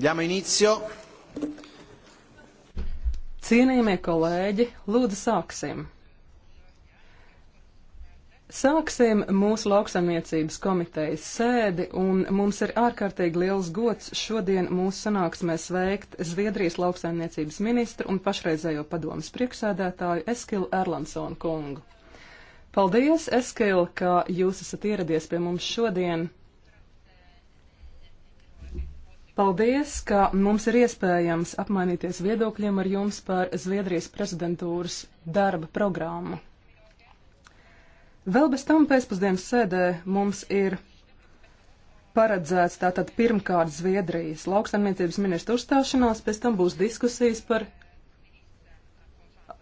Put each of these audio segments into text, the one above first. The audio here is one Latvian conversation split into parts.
Diamo inizio. Cienījamie kolēģi, lūdzu sāksim. Sāksim mūsu lauksamniecības komitejas sēdi, un mums ir ārkārtīgi liels gods šodien mūsu sanāksmē sveikt Zviedrijas lauksaimniecības ministru un pašreizējo padomas priekšsēdētāju Eskilu Erlansonu kungu. Paldies, Eskil, ka jūs esat ieradies pie mums šodien. Paldies, ka mums ir iespējams apmainīties viedokļiem ar jums par Zviedrijas prezidentūras darba programmu. Vēl bez tam pēcpusdienas sēdē mums ir paredzēts tātad pirmkārt Zviedrijas lauksaimniecības ministra uzstāšanās, pēc tam būs diskusijas par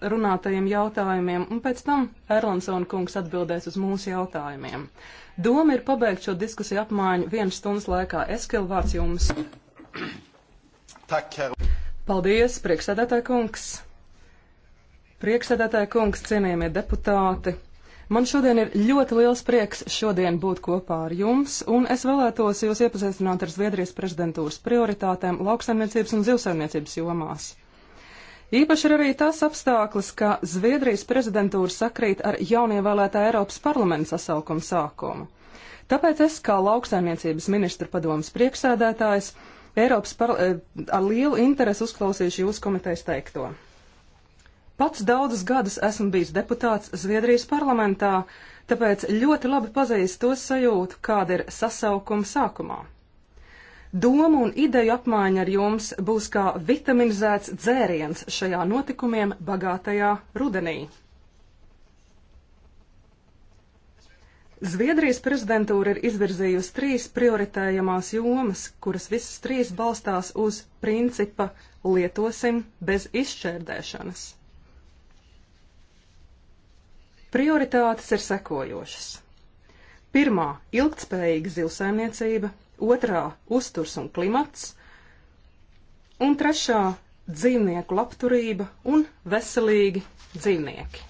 runātajiem jautājumiem, un pēc tam Erlansona kungs atbildēs uz mūsu jautājumiem. Doma ir pabeigt šo diskusiju apmaiņu vienas stundas laikā. Eskil vārds jums. Paldies, priekšsēdētāja kungs. Priekšsēdētāja kungs, cienījamie deputāti. Man šodien ir ļoti liels prieks šodien būt kopā ar jums, un es vēlētos jūs iepazīstināt ar Zviedrijas prezidentūras prioritātēm lauksaimniecības un zivsaimniecības jomās. Īpaši ir arī tas apstākļus, ka Zviedrijas prezidentūra sakrīt ar jaunievēlētā Eiropas parlamenta sasaukuma sākumu. Tāpēc es, kā lauksaimniecības ministra padomas priekšsēdētājs, Eiropas par, eh, ar lielu interesi uzklausīšu jūsu komitejas teikto. Pats daudzus gadus esmu bijis deputāts Zviedrijas parlamentā, tāpēc ļoti labi pazīstu to sajūtu, kāda ir sasaukuma sākumā. Domu un ideju apmaiņa ar jums būs kā vitaminizēts dzēriens šajā notikumiem bagātajā rudenī. Zviedrijas prezidentūra ir izvirzījusi trīs prioritējamās jomas, kuras visas trīs balstās uz principa lietosim bez izšķērdēšanas. Prioritātes ir sekojošas. Pirmā - ilgtspējīga zivsaimniecība, otrā - uzturs un klimats, un trešā - dzīvnieku labturība un veselīgi dzīvnieki.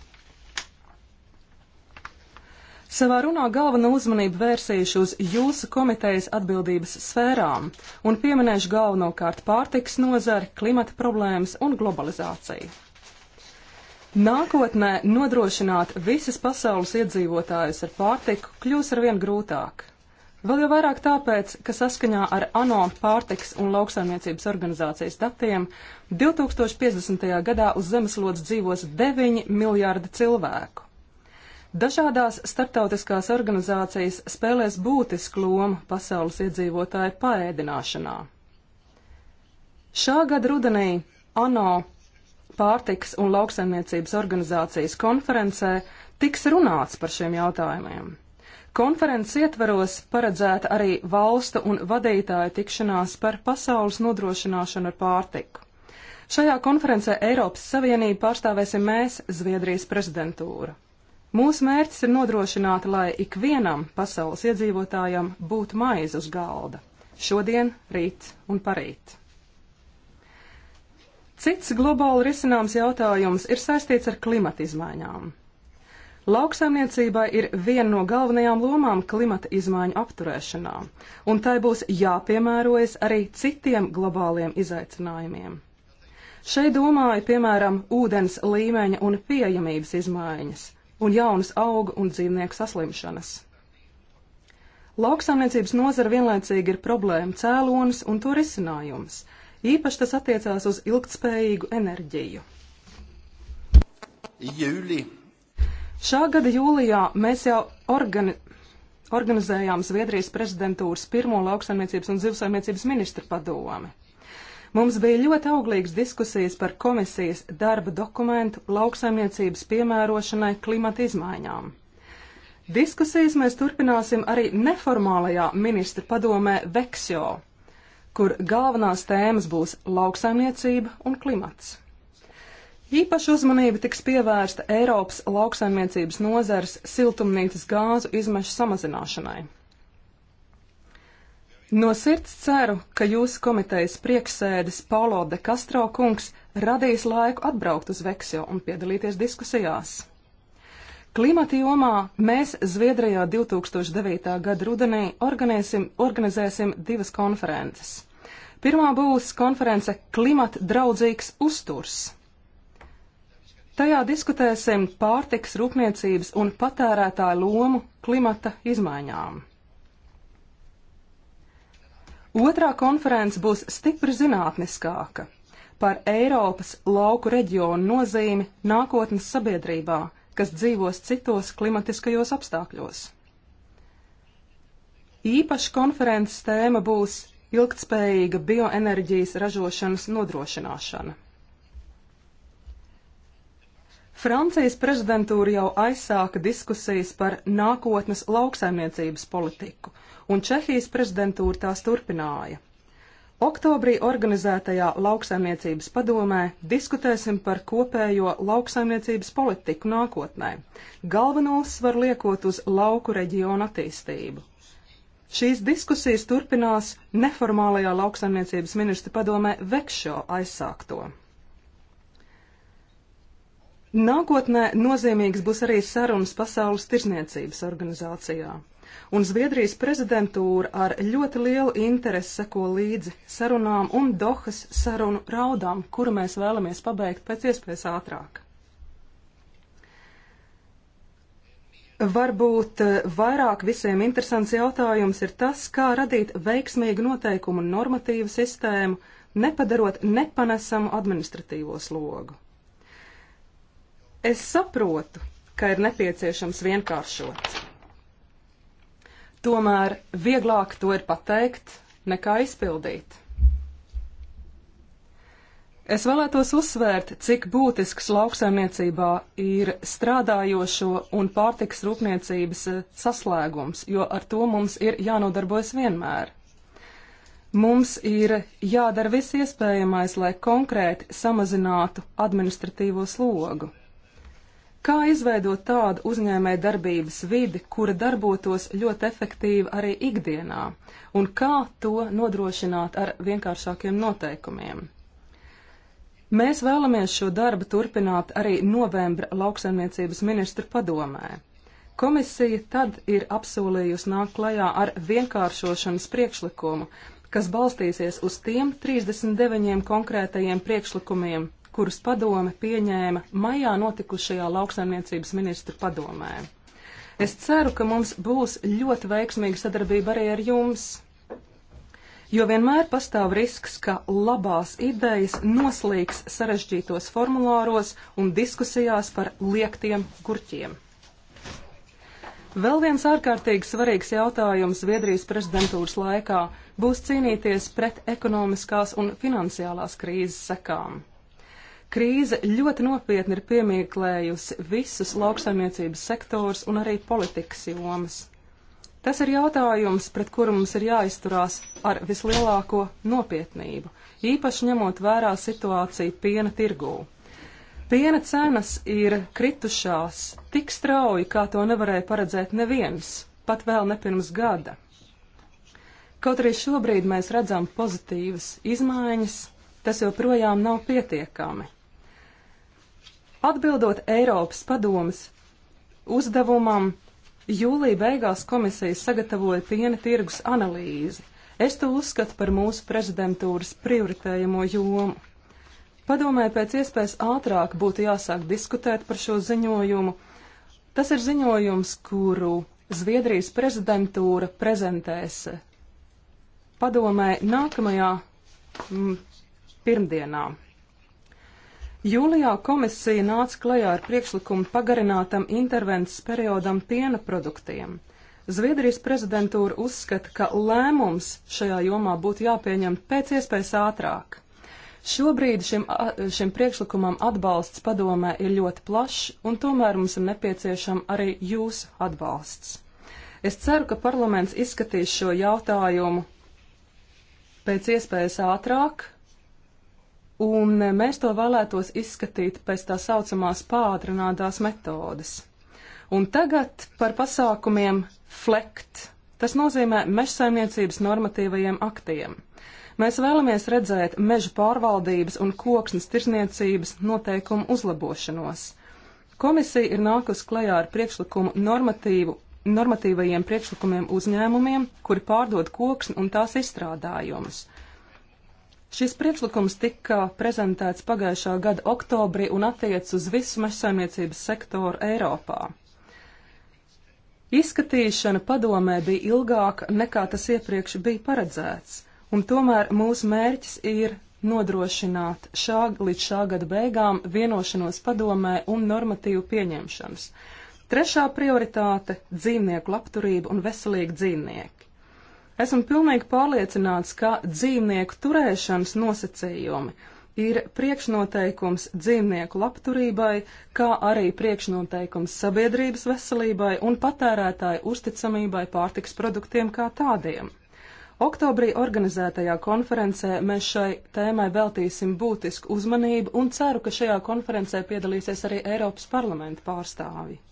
Savā runā galveno uzmanību vērsīšu uz jūsu komitejas atbildības sfērām un pieminēšu galvenokārt pārtiks nozari, klimata problēmas un globalizāciju. Nākotnē nodrošināt visas pasaules iedzīvotājus ar pārtiku kļūs arvien grūtāk. Vēl jau vairāk tāpēc, ka saskaņā ar ANO pārtiks un lauksaimniecības organizācijas datiem 2050. gadā uz zemeslodes dzīvos 9 miljārdi cilvēku. Dažādās starptautiskās organizācijas spēlēs būtisku lomu pasaules iedzīvotāju paēdināšanā. Šā gada rudenī ANO pārtiks un lauksaimniecības organizācijas konferencē tiks runāts par šiem jautājumiem. Konferences ietvaros paredzēta arī valstu un vadītāju tikšanās par pasaules nodrošināšanu ar pārtiku. Šajā konferencē Eiropas Savienību pārstāvēsim mēs, Zviedrijas prezidentūra. Mūsu mērķis ir nodrošināt, lai ikvienam pasaules iedzīvotājam būtu maize uz galda - šodien, rīt un parīt. Cits globāli risināms jautājums ir saistīts ar klimata izmaiņām. Lauksaimniecībai ir viena no galvenajām lomām klimata izmaiņu apturēšanā, un tai būs jāpiemērojas arī citiem globāliem izaicinājumiem. Šeit domāju, piemēram, ūdens līmeņa un pieejamības izmaiņas un jaunas augu un dzīvnieku saslimšanas. Lauksaimniecības nozara vienlaicīgi ir problēma cēlonis un to risinājums. Īpaši tas attiecās uz ilgtspējīgu enerģiju. Jūli Šā gada jūlijā mēs jau organi organizējām Zviedrijas prezidentūras pirmo lauksaimniecības un zivsaimniecības ministru padomi. Mums bija ļoti auglīgas diskusijas par komisijas darba dokumentu lauksaimniecības piemērošanai klimata izmaiņām. Diskusijas mēs turpināsim arī neformālajā ministra padomē Veksjo, kur galvenās tēmas būs lauksaimniecība un klimats. Īpaša uzmanība tiks pievērsta Eiropas lauksaimniecības nozares siltumnīcas gāzu izmešu samazināšanai. No sirds ceru, ka jūsu komitejas prieksēdis Paulo de Castro kungs radīs laiku atbraukt uz Veksio un piedalīties diskusijās. Klimata jomā mēs Zviedrijā 2009. gada rudenī organizēsim divas konferences. Pirmā būs konference Klimata draudzīgs uzturs Tajā diskutēsim pārtiks rūpniecības un patērētāju lomu klimata izmaiņām. Otrā konference būs stipri zinātniskāka par Eiropas lauku reģionu nozīmi nākotnes sabiedrībā, kas dzīvos citos klimatiskajos apstākļos. Īpaši konferences tēma būs ilgtspējīga bioenerģijas ražošanas nodrošināšana. Francijas prezidentūra jau aizsāka diskusijas par nākotnes lauksaimniecības politiku, un Čehijas prezidentūra tās turpināja. Oktobrī organizētajā lauksaimniecības padomē diskutēsim par kopējo lauksaimniecības politiku nākotnē, galveno uzsvaru liekot uz lauku reģionu attīstību. Šīs diskusijas turpinās neformālajā lauksaimniecības ministra padomē Vekšo aizsākto. Nākotnē nozīmīgs būs arī sarunas Pasaules tirzniecības organizācijā, un Zviedrijas prezidentūra ar ļoti lielu interesi seko līdzi sarunām un Dohas sarunu raudām, kuru mēs vēlamies pabeigt pēc iespējas ātrāk. Varbūt eh, vairāk visiem interesants jautājums ir tas, kā radīt veiksmīgu noteikumu un normatīvu sistēmu, nepadarot nepanesamu administratīvo slogu. Es saprotu, ka ir nepieciešams vienkāršot. Tomēr vieglāk to ir pateikt nekā izpildīt. Es vēlētos uzsvērt, cik būtisks lauksaimniecībā ir strādājošo un pārtiks rūpniecības eh, saslēgums, jo ar to mums ir jānodarbojas vienmēr. Mums ir jādara viss iespējamais, lai konkrēti samazinātu administratīvo slogu. Kā izveidot tādu uzņēmēju darbības vidi, kura darbotos ļoti efektīvi arī ikdienā, un kā to nodrošināt ar vienkāršākiem noteikumiem? Mēs vēlamies šo darbu turpināt arī novembra lauksaimniecības ministru padomē. Komisija tad ir apsolījusi nākt klajā ar vienkāršošanas priekšlikumu, kas balstīsies uz tiem 39 konkrētajiem priekšlikumiem, kurus padome pieņēma maijā notikušajā lauksaimniecības ministru padomē. Es ceru, ka mums būs ļoti veiksmīga sadarbība arī ar jums, jo vienmēr pastāv risks, ka labās idejas noslīgs sarežģītos formulāros un diskusijās par liektiem gurķiem. Vēl viens ārkārtīgi svarīgs jautājums Zviedrijas prezidentūras laikā būs cīnīties pret ekonomiskās un finansiālās krīzes sekām. Krīze ļoti nopietni ir piemīklējusi visus lauksaimniecības sektors un arī politikas jomas. Tas ir jautājums, pret kuru mums ir jāizturās ar vislielāko nopietnību, īpaši ņemot vērā situāciju piena tirgū. Piena cenas ir kritušās tik strauji, kā to nevarēja paredzēt neviens, pat vēl ne pirms gada. Kaut arī šobrīd mēs redzam pozitīvas izmaiņas, tas joprojām nav pietiekami. Atbildot Eiropas padomas uzdevumam, jūlija beigās komisija sagatavoja piena tirgus analīzi. Es to uzskatu par mūsu prezidentūras prioritējamo jomu. Padomē pēc iespējas ātrāk būtu jāsāk diskutēt par šo ziņojumu. Tas ir ziņojums, kuru Zviedrijas prezidentūra prezentēs padomē nākamajā m, mm, pirmdienā. Jūlijā komisija nāca klajā ar priekšlikumu pagarinātam intervences periodam piena produktiem. Zviedrijas prezidentūra uzskata, ka lēmums šajā jomā būtu jāpieņem pēc iespējas ātrāk. Šobrīd šim, šim priekšlikumam atbalsts padomē ir ļoti plašs, un tomēr mums ir nepieciešama arī jūsu atbalsts. Es ceru, ka parlaments izskatīs šo jautājumu pēc iespējas ātrāk, un mēs to vēlētos izskatīt pēc tā saucamās pātrinātās metodes. Un tagad par pasākumiem flekt. Tas nozīmē mežsaimniecības normatīvajiem aktiem. Mēs vēlamies redzēt meža pārvaldības un koksnes tirsniecības noteikumu uzlabošanos. Komisija ir nākus klajā ar priekšlikumu normatīvu, normatīvajiem priekšlikumiem uzņēmumiem, kuri pārdod koksni un tās izstrādājumus. Šis priekšlikums tika prezentēts pagājušā gada oktobrī un attiec uz visu mežsaimniecības sektoru Eiropā. Izskatīšana padomē bija ilgāka nekā tas iepriekš bija paredzēts, un tomēr mūsu mērķis ir nodrošināt šā, līdz šā gada beigām vienošanos padomē un normatīvu pieņemšanas. Trešā prioritāte - dzīvnieku labturība un veselīgi dzīvnieki. Esmu pilnīgi pārliecināts, ka dzīvnieku turēšanas nosacījumi ir priekšnoteikums dzīvnieku labturībai, kā arī priekšnoteikums sabiedrības veselībai un patērētāju uzticamībai pārtiks produktiem kā tādiem. Oktobrī organizētajā konferencē mēs šai tēmai veltīsim būtisku uzmanību un ceru, ka šajā konferencē piedalīsies arī Eiropas parlamenta pārstāvi.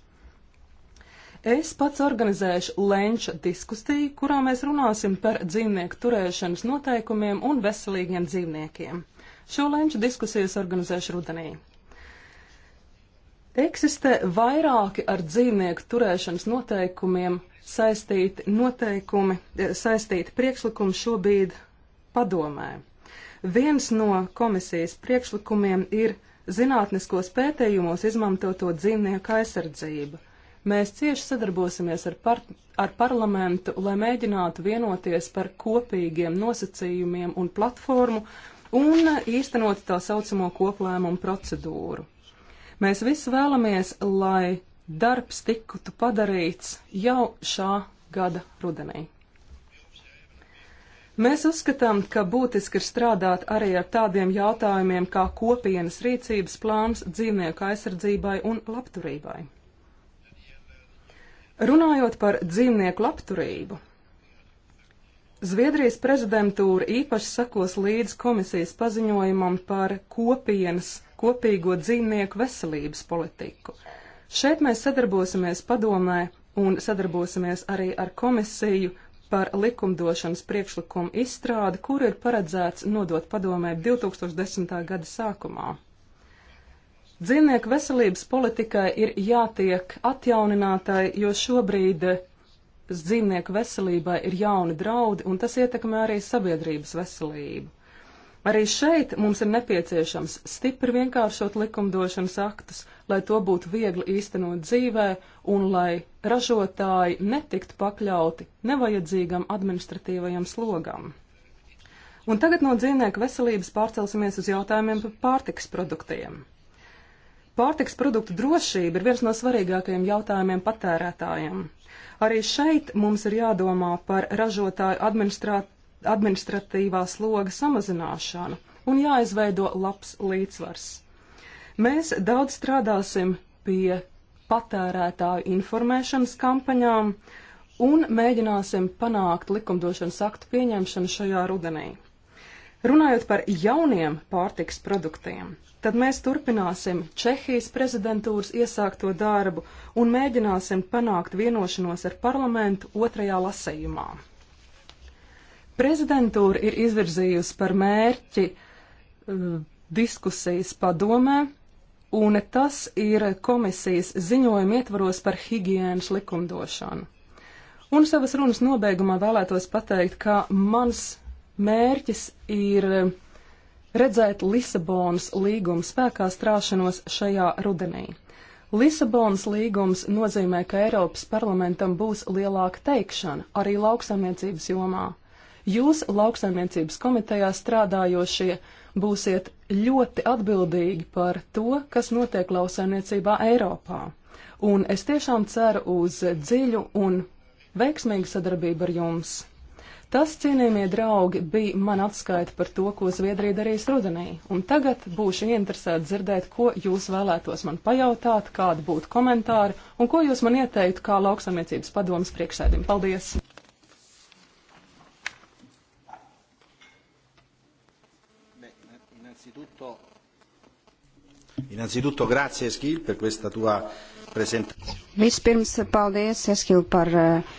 Es pats organizēšu lenča diskusiju, kurā mēs runāsim par dzīvnieku turēšanas noteikumiem un veselīgiem dzīvniekiem. Šo lenča diskusiju es organizēšu rudenī. Eksistē vairāki ar dzīvnieku turēšanas noteikumiem saistīti noteikumi, e, saistīti priekšlikumi šobrīd padomē. Viens no komisijas priekšlikumiem ir zinātniskos pētījumos izmantoto dzīvnieku aizsardzību. Mēs cieši sadarbosimies ar, par, ar parlamentu, lai mēģinātu vienoties par kopīgiem nosacījumiem un platformu un īstenot tā saucamo koplēmumu procedūru. Mēs visi vēlamies, lai darbs tiktu padarīts jau šā gada rudenī. Mēs uzskatām, ka būtiski ir strādāt arī ar tādiem jautājumiem kā kopienas rīcības plāns dzīvnieku aizsardzībai un labturībai. Runājot par dzīvnieku labturību, Zviedrijas prezidentūra īpaši sekos līdz komisijas paziņojumam par kopienas kopīgo dzīvnieku veselības politiku. Šeit mēs sadarbosimies padomē un sadarbosimies arī ar komisiju par likumdošanas priekšlikumu izstrādi, kur ir paredzēts nodot padomē 2010. gada sākumā. Dzīvnieku veselības politikai ir jātiek atjauninātai, jo šobrīd dzīvnieku veselībai ir jauni draudi, un tas ietekmē arī sabiedrības veselību. Arī šeit mums ir nepieciešams stipri vienkāršot likumdošanas aktus, lai to būtu viegli īstenot dzīvē un lai ražotāji netiktu pakļauti nevajadzīgam administratīvajam slogam. Un tagad no dzīvnieku veselības pārcelsimies uz jautājumiem par pārtiks produktiem. Pārtiks produktu drošība ir viens no svarīgākajiem jautājumiem patērētājiem. Arī šeit mums ir jādomā par ražotāju administratīvā sloga samazināšanu un jāizveido labs līdzsvars. Mēs daudz strādāsim pie patērētāju informēšanas kampaņām un mēģināsim panākt likumdošanas aktu pieņemšanu šajā rudenī. Runājot par jauniem pārtiks produktiem, tad mēs turpināsim Čehijas prezidentūras iesākto darbu un mēģināsim panākt vienošanos ar parlamentu otrajā lasējumā. Prezidentūra ir izvirzījusi par mērķi uh, diskusijas padomē, un tas ir komisijas ziņojuma ietvaros par higiēnas likumdošanu. Un savas runas nobeigumā vēlētos pateikt, ka mans mērķis ir uh, redzēt Lisabonas līguma spēkā strāšanos šajā rudenī. Lisabonas līgums nozīmē, ka Eiropas parlamentam būs lielāka teikšana arī lauksaimniecības jomā. Jūs, lauksaimniecības komitejā strādājošie, būsiet ļoti atbildīgi par to, kas notiek lauksaimniecībā Eiropā. Un es tiešām ceru uz dziļu un veiksmīgu sadarbību ar jums! Tas, cienījamie draugi, bija man atskaita par to, ko Zviedrija darīs rudenī. Un tagad būšu interesēta dzirdēt, ko jūs vēlētos man pajautāt, kāda būtu komentāri un ko jūs man ieteiktu kā lauksamniecības padomas priekšsēdim. Paldies! Innanzitutto grazie Eskil per questa tua presentazione. Vispirms paldies Eskil par uh,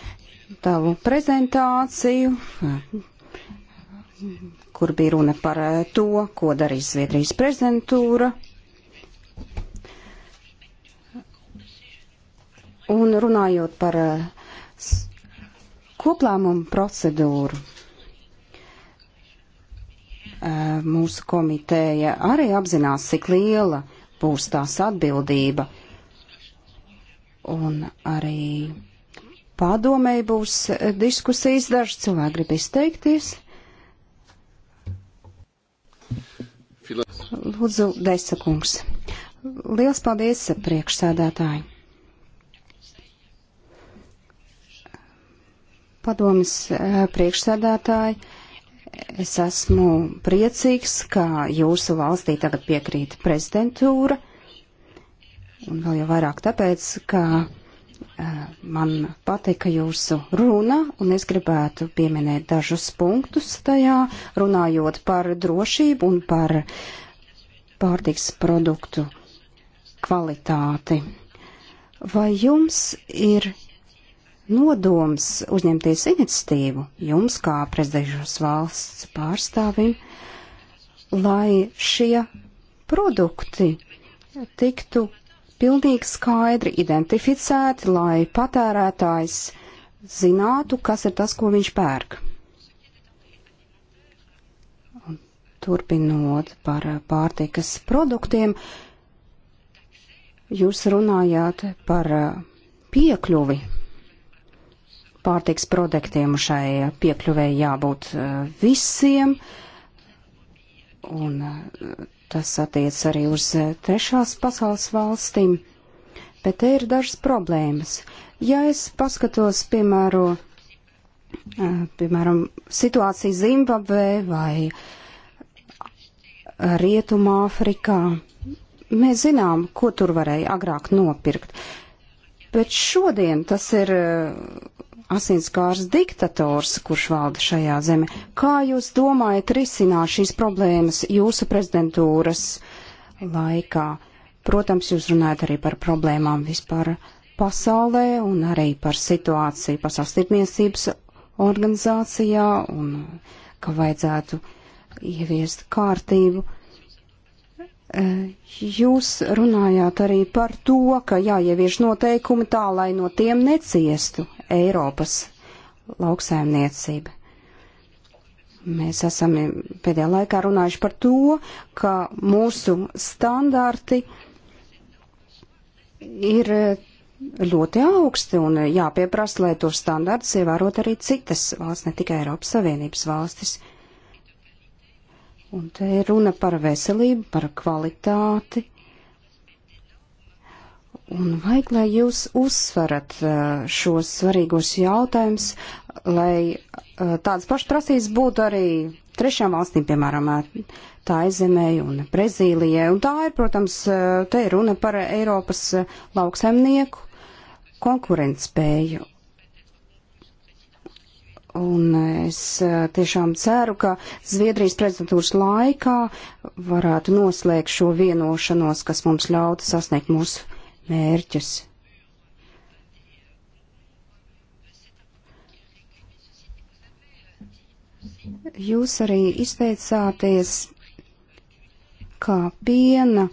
tavu prezentāciju, kur bija runa par eh, to, ko darīs Zviedrijas prezidentūra. Un runājot par eh, koplēmumu procedūru, eh, mūsu komiteja arī apzinās, cik liela būs tās atbildība. Un arī Pārdomēji būs eh, diskusijas, daži cilvēki grib izteikties. Lūdzu, Deisakungs. Liels paldies priekšsādātāji. Padomis eh, priekšsādātāji, es esmu priecīgs, ka jūsu valstī tagad piekrīt prezidentūra, un vēl jau vairāk tāpēc, ka Eh, man patika jūsu runa, un es gribētu pieminēt dažus punktus tajā, runājot par drošību un par pārtiks produktu kvalitāti. Vai jums ir nodoms uzņemties iniciatīvu, jums kā prezidējušos valsts pārstāvim, lai šie produkti tiktu pilnīgi skaidri identificēti, lai patērētājs zinātu, kas ir tas, ko viņš pērk. Turpinot par pārtikas produktiem, jūs runājāt par piekļuvi pārtiks produktiem šai piekļuvēji jābūt eh, visiem, un eh, Tas attiec arī uz eh, trešās pasaules valstīm, bet te ir dažas problēmas. Ja es paskatos, piemēro, eh, piemēram, situāciju Zimbabvē vai Rietumā Afrikā, mēs zinām, ko tur varēja agrāk nopirkt. Bet šodien tas ir eh, asinskārs diktators, kurš valda šajā zeme. Kā jūs domājat risināt šīs problēmas jūsu prezidentūras laikā? Protams, jūs runājat arī par problēmām vispār pasaulē un arī par situāciju pasaules tirdzniecības organizācijā un ka vajadzētu ieviest kārtību. Eh, jūs runājāt arī par to, ka jāievieš noteikumi tā, lai no tiem neciestu Eiropas lauksaimniecība. Mēs esam pēdējā laikā runājuši par to, ka mūsu standarti ir ļoti augsti un jāpieprasa, lai tos standartus ievērot arī citas valsts, ne tikai Eiropas Savienības valstis. Un te ir runa par veselību, par kvalitāti Un vajag, lai jūs uzsverat uh, šos svarīgos jautājumus, lai uh, tādas pašas prasības būtu arī trešām valstīm, piemēram, tā aizemē un Brazīlijai. Un tā ir, protams, uh, te ir runa par Eiropas lauksaimnieku konkurentspēju. Un es tiešām ceru, ka Zviedrijas prezidentūras laikā varētu noslēgt šo vienošanos, kas mums ļautu sasniegt mūsu mērķus. Jūs arī izteicāties, kā piena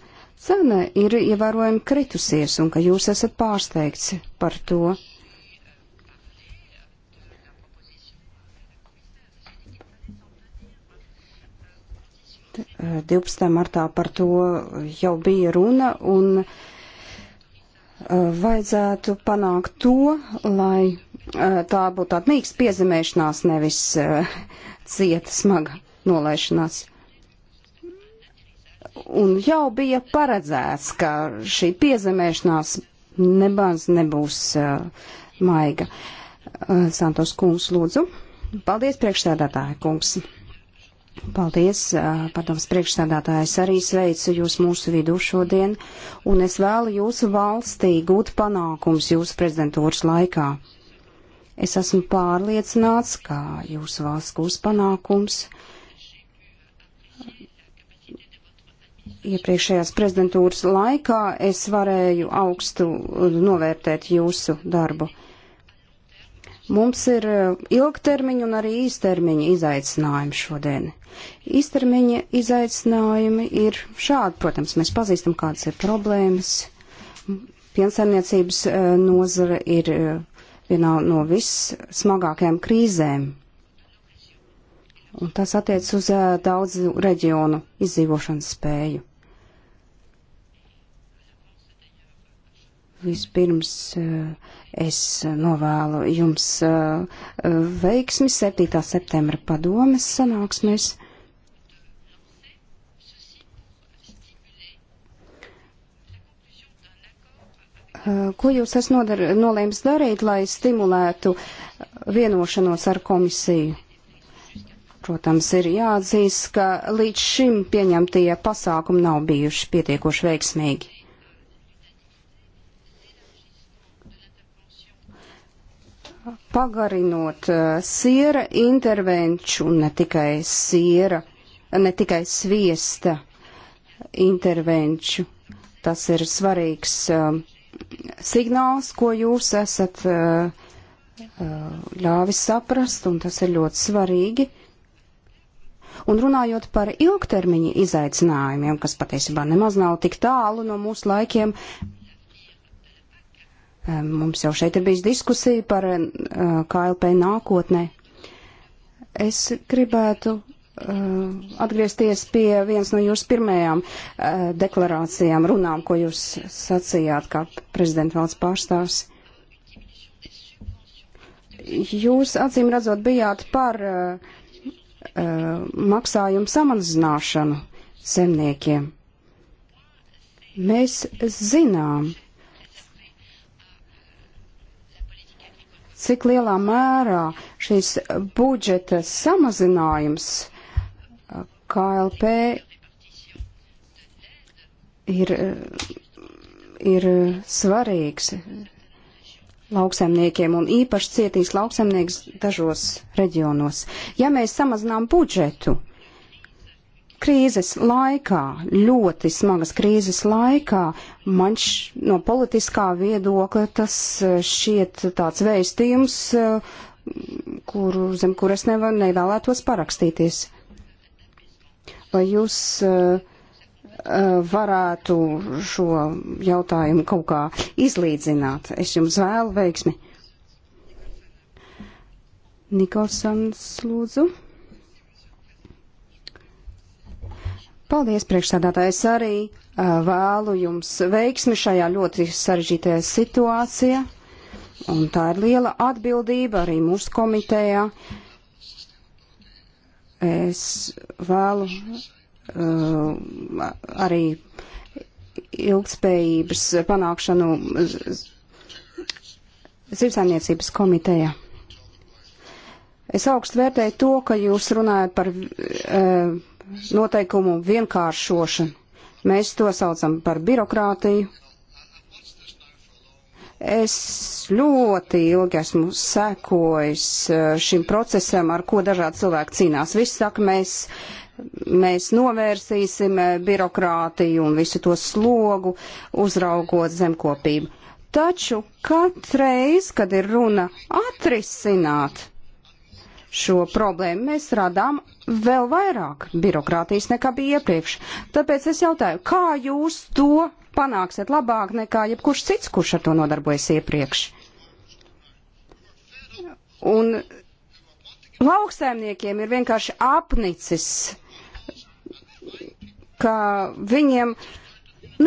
cena ir ievērojami kritusies un ka jūs esat pārsteigts par to. T 12. Eh, martā par to jau bija runa un uh, vajadzētu panākt to, lai eh, tā būtu tāda mīksta piezīmēšanās, nevis eh, cieta smaga nolaišanās. Un jau bija paredzēts, ka šī piezemēšanās nebaz nebūs uh, maiga. Uh, Santos kungs, lūdzu. Paldies, priekšsēdētāja kungs. Paldies, padoms priekšstādātājs, arī sveicu jūs mūsu vidū šodien, un es vēlu jūsu valstī gūt panākums jūsu prezidentūras laikā. Es esmu pārliecināts, ka jūsu valsts gūs panākums. Iepriekšējās prezidentūras laikā es varēju augstu novērtēt jūsu darbu. Mums ir e, ilgtermiņa un arī īstermiņa izaicinājumi šodien. Īstermiņa izaicinājumi ir šādi, protams, mēs pazīstam, kādas ir problēmas. Piensaimniecības e, nozara ir e, vienā no vissmagākajām krīzēm. Un tas attiec uz daudzu reģionu izdzīvošanas spēju. Vispirms Es novēlu jums uh, veiksmi 7. septembra padomes sanāksmēs. Uh, ko jūs esat nolēmis darīt, lai stimulētu vienošanos ar komisiju? Protams, ir jāatzīst, ka līdz šim pieņemtie pasākumi nav bijuši pietiekoši veiksmīgi. pagarinot eh, siera intervenču, ne tikai siera, ne tikai sviesta intervenču. Tas ir svarīgs uh, signāls, ko jūs esat uh, ļāvis saprast, un tas ir ļoti svarīgi. Un runājot par ilgtermiņa izaicinājumiem, kas patiesībā nemaz nav tik tālu no mūsu laikiem, Mums jau šeit ir bijis diskusija par eh, KLP nākotnē. Es gribētu eh, atgriezties pie vienas no jūsu pirmajām eh, deklarācijām, runām, ko jūs sacījāt kā prezidenta valsts pārstāvs. Jūs acīm redzot bijāt par maksājumu samazināšanu zemniekiem. Mēs zinām, cik lielā mērā šīs budžeta samazinājums eh, KLP ir, eh, ir svarīgs lauksaimniekiem un īpaši cietīs lauksaimnieks dažos reģionos. Ja mēs samazinām budžetu, krīzes laikā, ļoti smagas krīzes laikā, man š, no politiskā viedokļa tas eh, šiet tāds vēstījums, eh, kur, zem kuras nevar, nevēlētos parakstīties. Vai jūs eh, varētu šo jautājumu kaut kā izlīdzināt? Es jums vēlu veiksmi. Nikolsons, lūdzu. Paldies, priekšsādātājs, arī vēlu jums veiksmi šajā ļoti sarežģītajā situācijā. Un tā ir liela atbildība arī mūsu komitejā. Es vēlu uh, arī ilgspējības panākšanu zivsainiecības komitejā. Es augstu vērtēju to, ka jūs runājat par. Uh, noteikumu vienkāršošanu. Mēs to saucam par birokrātiju. Es ļoti ilgi esmu sekojis eh, šim procesam, ar ko dažādi cilvēki cīnās. Viss saka, mēs, mēs novērsīsim eh, birokrātiju un visu to slogu, uzraugot zemkopību. Taču katreiz, kad ir runa atrisināt šo problēmu, mēs radām vēl vairāk birokrātijas nekā bija iepriekš. Tāpēc es jautāju, kā jūs to panāksiet labāk nekā jebkurš cits, kurš ar to nodarbojas iepriekš? Un lauksaimniekiem ir vienkārši apnicis, ka viņiem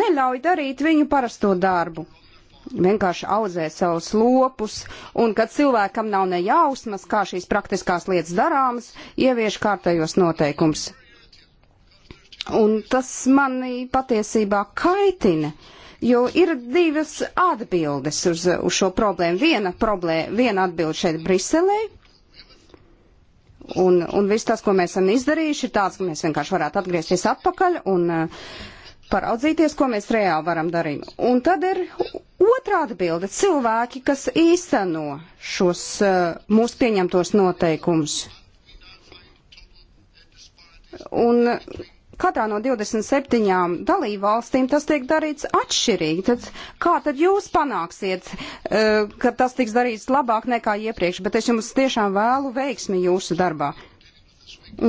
neļauj darīt viņu parasto darbu vienkārši audzē savus lopus, un kad cilvēkam nav ne jausmas, kā šīs praktiskās lietas darāmas, ievieš kārtējos noteikums. Un tas mani patiesībā kaitina, jo ir divas atbildes uz, uz šo problēmu. Viena, problēma, viena atbilde šeit Briselē, un, un viss tas, ko mēs esam izdarījuši, ir tāds, ka mēs vienkārši varētu atgriezties atpakaļ un uh, paraudzīties, ko mēs reāli varam darīt. Un tad ir otrā atbilde - cilvēki, kas īsteno šos eh, mūsu pieņemtos noteikumus. Un katrā no 27 dalību valstīm tas tiek darīts atšķirīgi. Tad kā tad jūs panāksiet, eh, ka tas tiks darīts labāk nekā iepriekš? Bet es jums tiešām vēlu veiksmi jūsu darbā.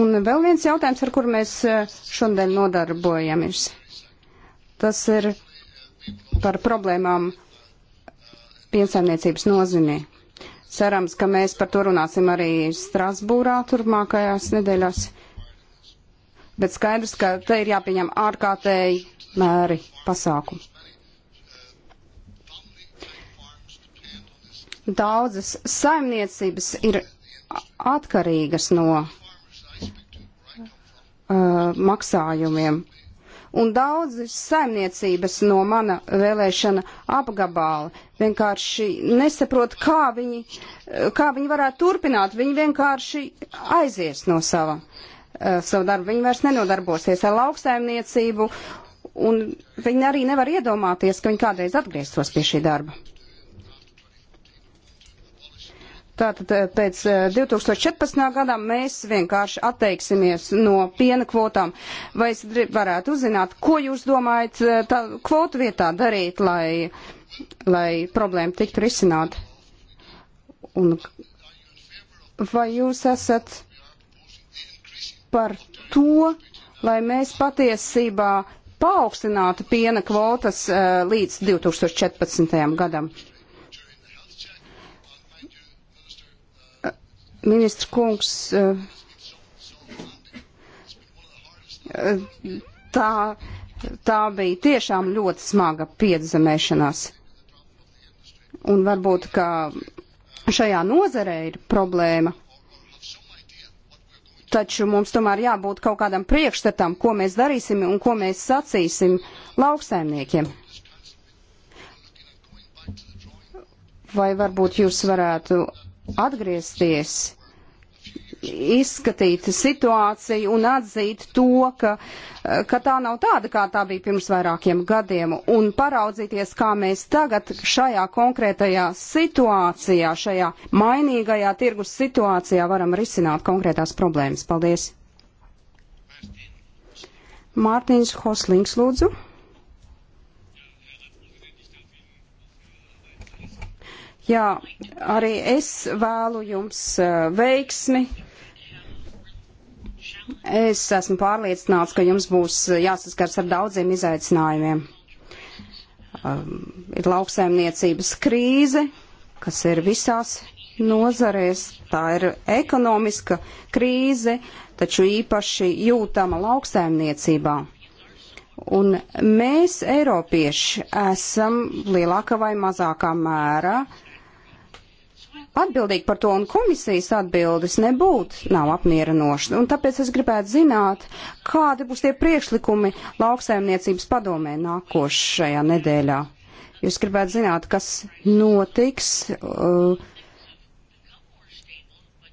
Un vēl viens jautājums, ar kur mēs eh, šodien nodarbojamies. Tas ir par problēmām piensaimniecības nozīmē. Cerams, ka mēs par to runāsim arī Strasbūrā turpmākajās nedēļās. Bet skaidrs, ka te ir jāpieņem ārkārtēji mēri pasākumi. Daudzas saimniecības ir atkarīgas no uh, maksājumiem un daudzas saimniecības no mana vēlēšana apgabala vienkārši nesaprot, kā viņi, kā viņi varētu turpināt. Viņi vienkārši aizies no sava, eh, sava darba. Viņi vairs nenodarbosies ar lauksaimniecību, un viņi arī nevar iedomāties, ka viņi kādreiz atgrieztos pie šī darba. Tātad eh, pēc 2014. Eh, gadā mēs vienkārši atteiksimies no piena kvotām. Vai es varētu uzzināt, ko jūs domājat eh, tā, kvotu vietā darīt, lai, lai problēma tiktu risināta? Un vai jūs esat par to, lai mēs patiesībā paaugstinātu piena kvotas uh, līdz 2014. gadam? Ministra kungs, eh, eh, tā, tā bija tiešām ļoti smaga piedzemēšanās. Un varbūt, ka šajā nozarē ir problēma. Taču mums tomēr jābūt kaut kādam priekšstatam, ko mēs darīsim un ko mēs sacīsim lauksaimniekiem. Vai varbūt jūs varētu atgriezties, izskatīt situāciju un atzīt to, ka, ka tā nav tāda, kā tā bija pirms vairākiem gadiem, un paraudzīties, kā mēs tagad šajā konkrētajā situācijā, šajā mainīgajā tirgus situācijā varam risināt konkrētās problēmas. Paldies! Mārtiņš Hoslings, lūdzu. Jā, arī es vēlu jums veiksmi. Es esmu pārliecināts, ka jums būs jāsaskars ar daudziem izaicinājumiem. Um, ir lauksaimniecības krīze, kas ir visās nozarēs, tā ir ekonomiska krīze, taču īpaši jūtama lauksaimniecībā. Un mēs, Eiropieši, esam lielākā vai mazākā mērā uh, atbildīgi par to, un komisijas atbildes nebūtu nav apmierinošas. Un tāpēc es gribētu zināt, kādi būs tie priekšlikumi lauksaimniecības padomē nākošajā nedēļā. Jūs gribētu zināt, kas notiks. Uh,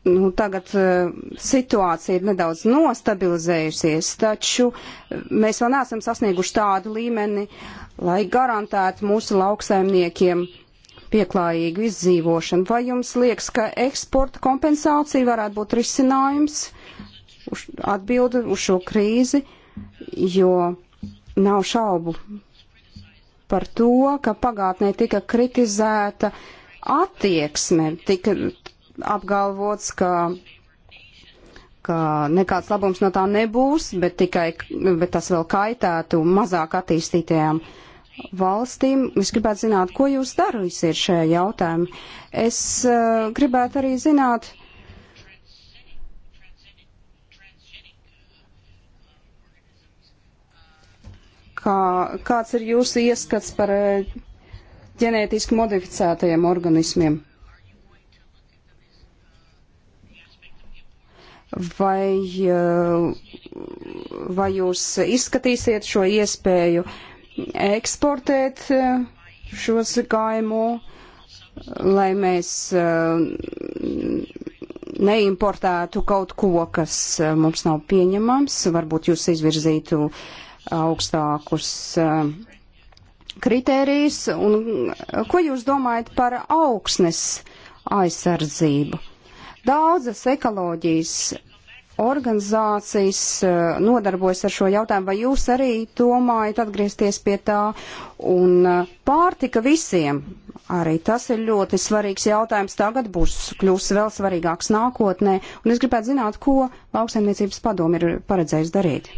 nu, tagad uh, situācija ir nedaudz nostabilizējusies, taču uh, mēs vēl neesam sasnieguši tādu līmeni, lai garantētu mūsu lauksaimniekiem uh, pieklājīgu izdzīvošanu. Vai jums liekas, ka eksporta kompensācija varētu būt risinājums uz atbildi uz šo krīzi, jo nav šaubu par to, ka pagātnē tika kritizēta attieksme, tika apgalvots, ka ka nekāds labums no tā nebūs, bet tikai, bet tas vēl kaitētu mazāk attīstītajām uh, valstīm. Es gribētu zināt, ko jūs darīsiet šajā jautājumā. Es uh, gribētu arī zināt, kā, kāds ir jūsu ieskats par eh, ģenētiski modificētajiem organismiem. Vai, eh, vai jūs izskatīsiet šo iespēju uh, eksportēt e, šos GMO, lai mēs e, neimportētu kaut ko, kas e, mums nav pieņemams. Varbūt jūs izvirzītu augstākus kritērijus. Un ko jūs domājat par augsnes aizsardzību? Daudzas ekoloģijas organizācijas eh, nodarbojas ar šo jautājumu, vai jūs arī domājat atgriezties pie tā un eh, pārtika visiem? Arī tas ir ļoti svarīgs jautājums. Tagad būs kļūs vēl svarīgāks nākotnē, un es gribētu zināt, ko lauksaimniecības padomi ir paredzējis darīt.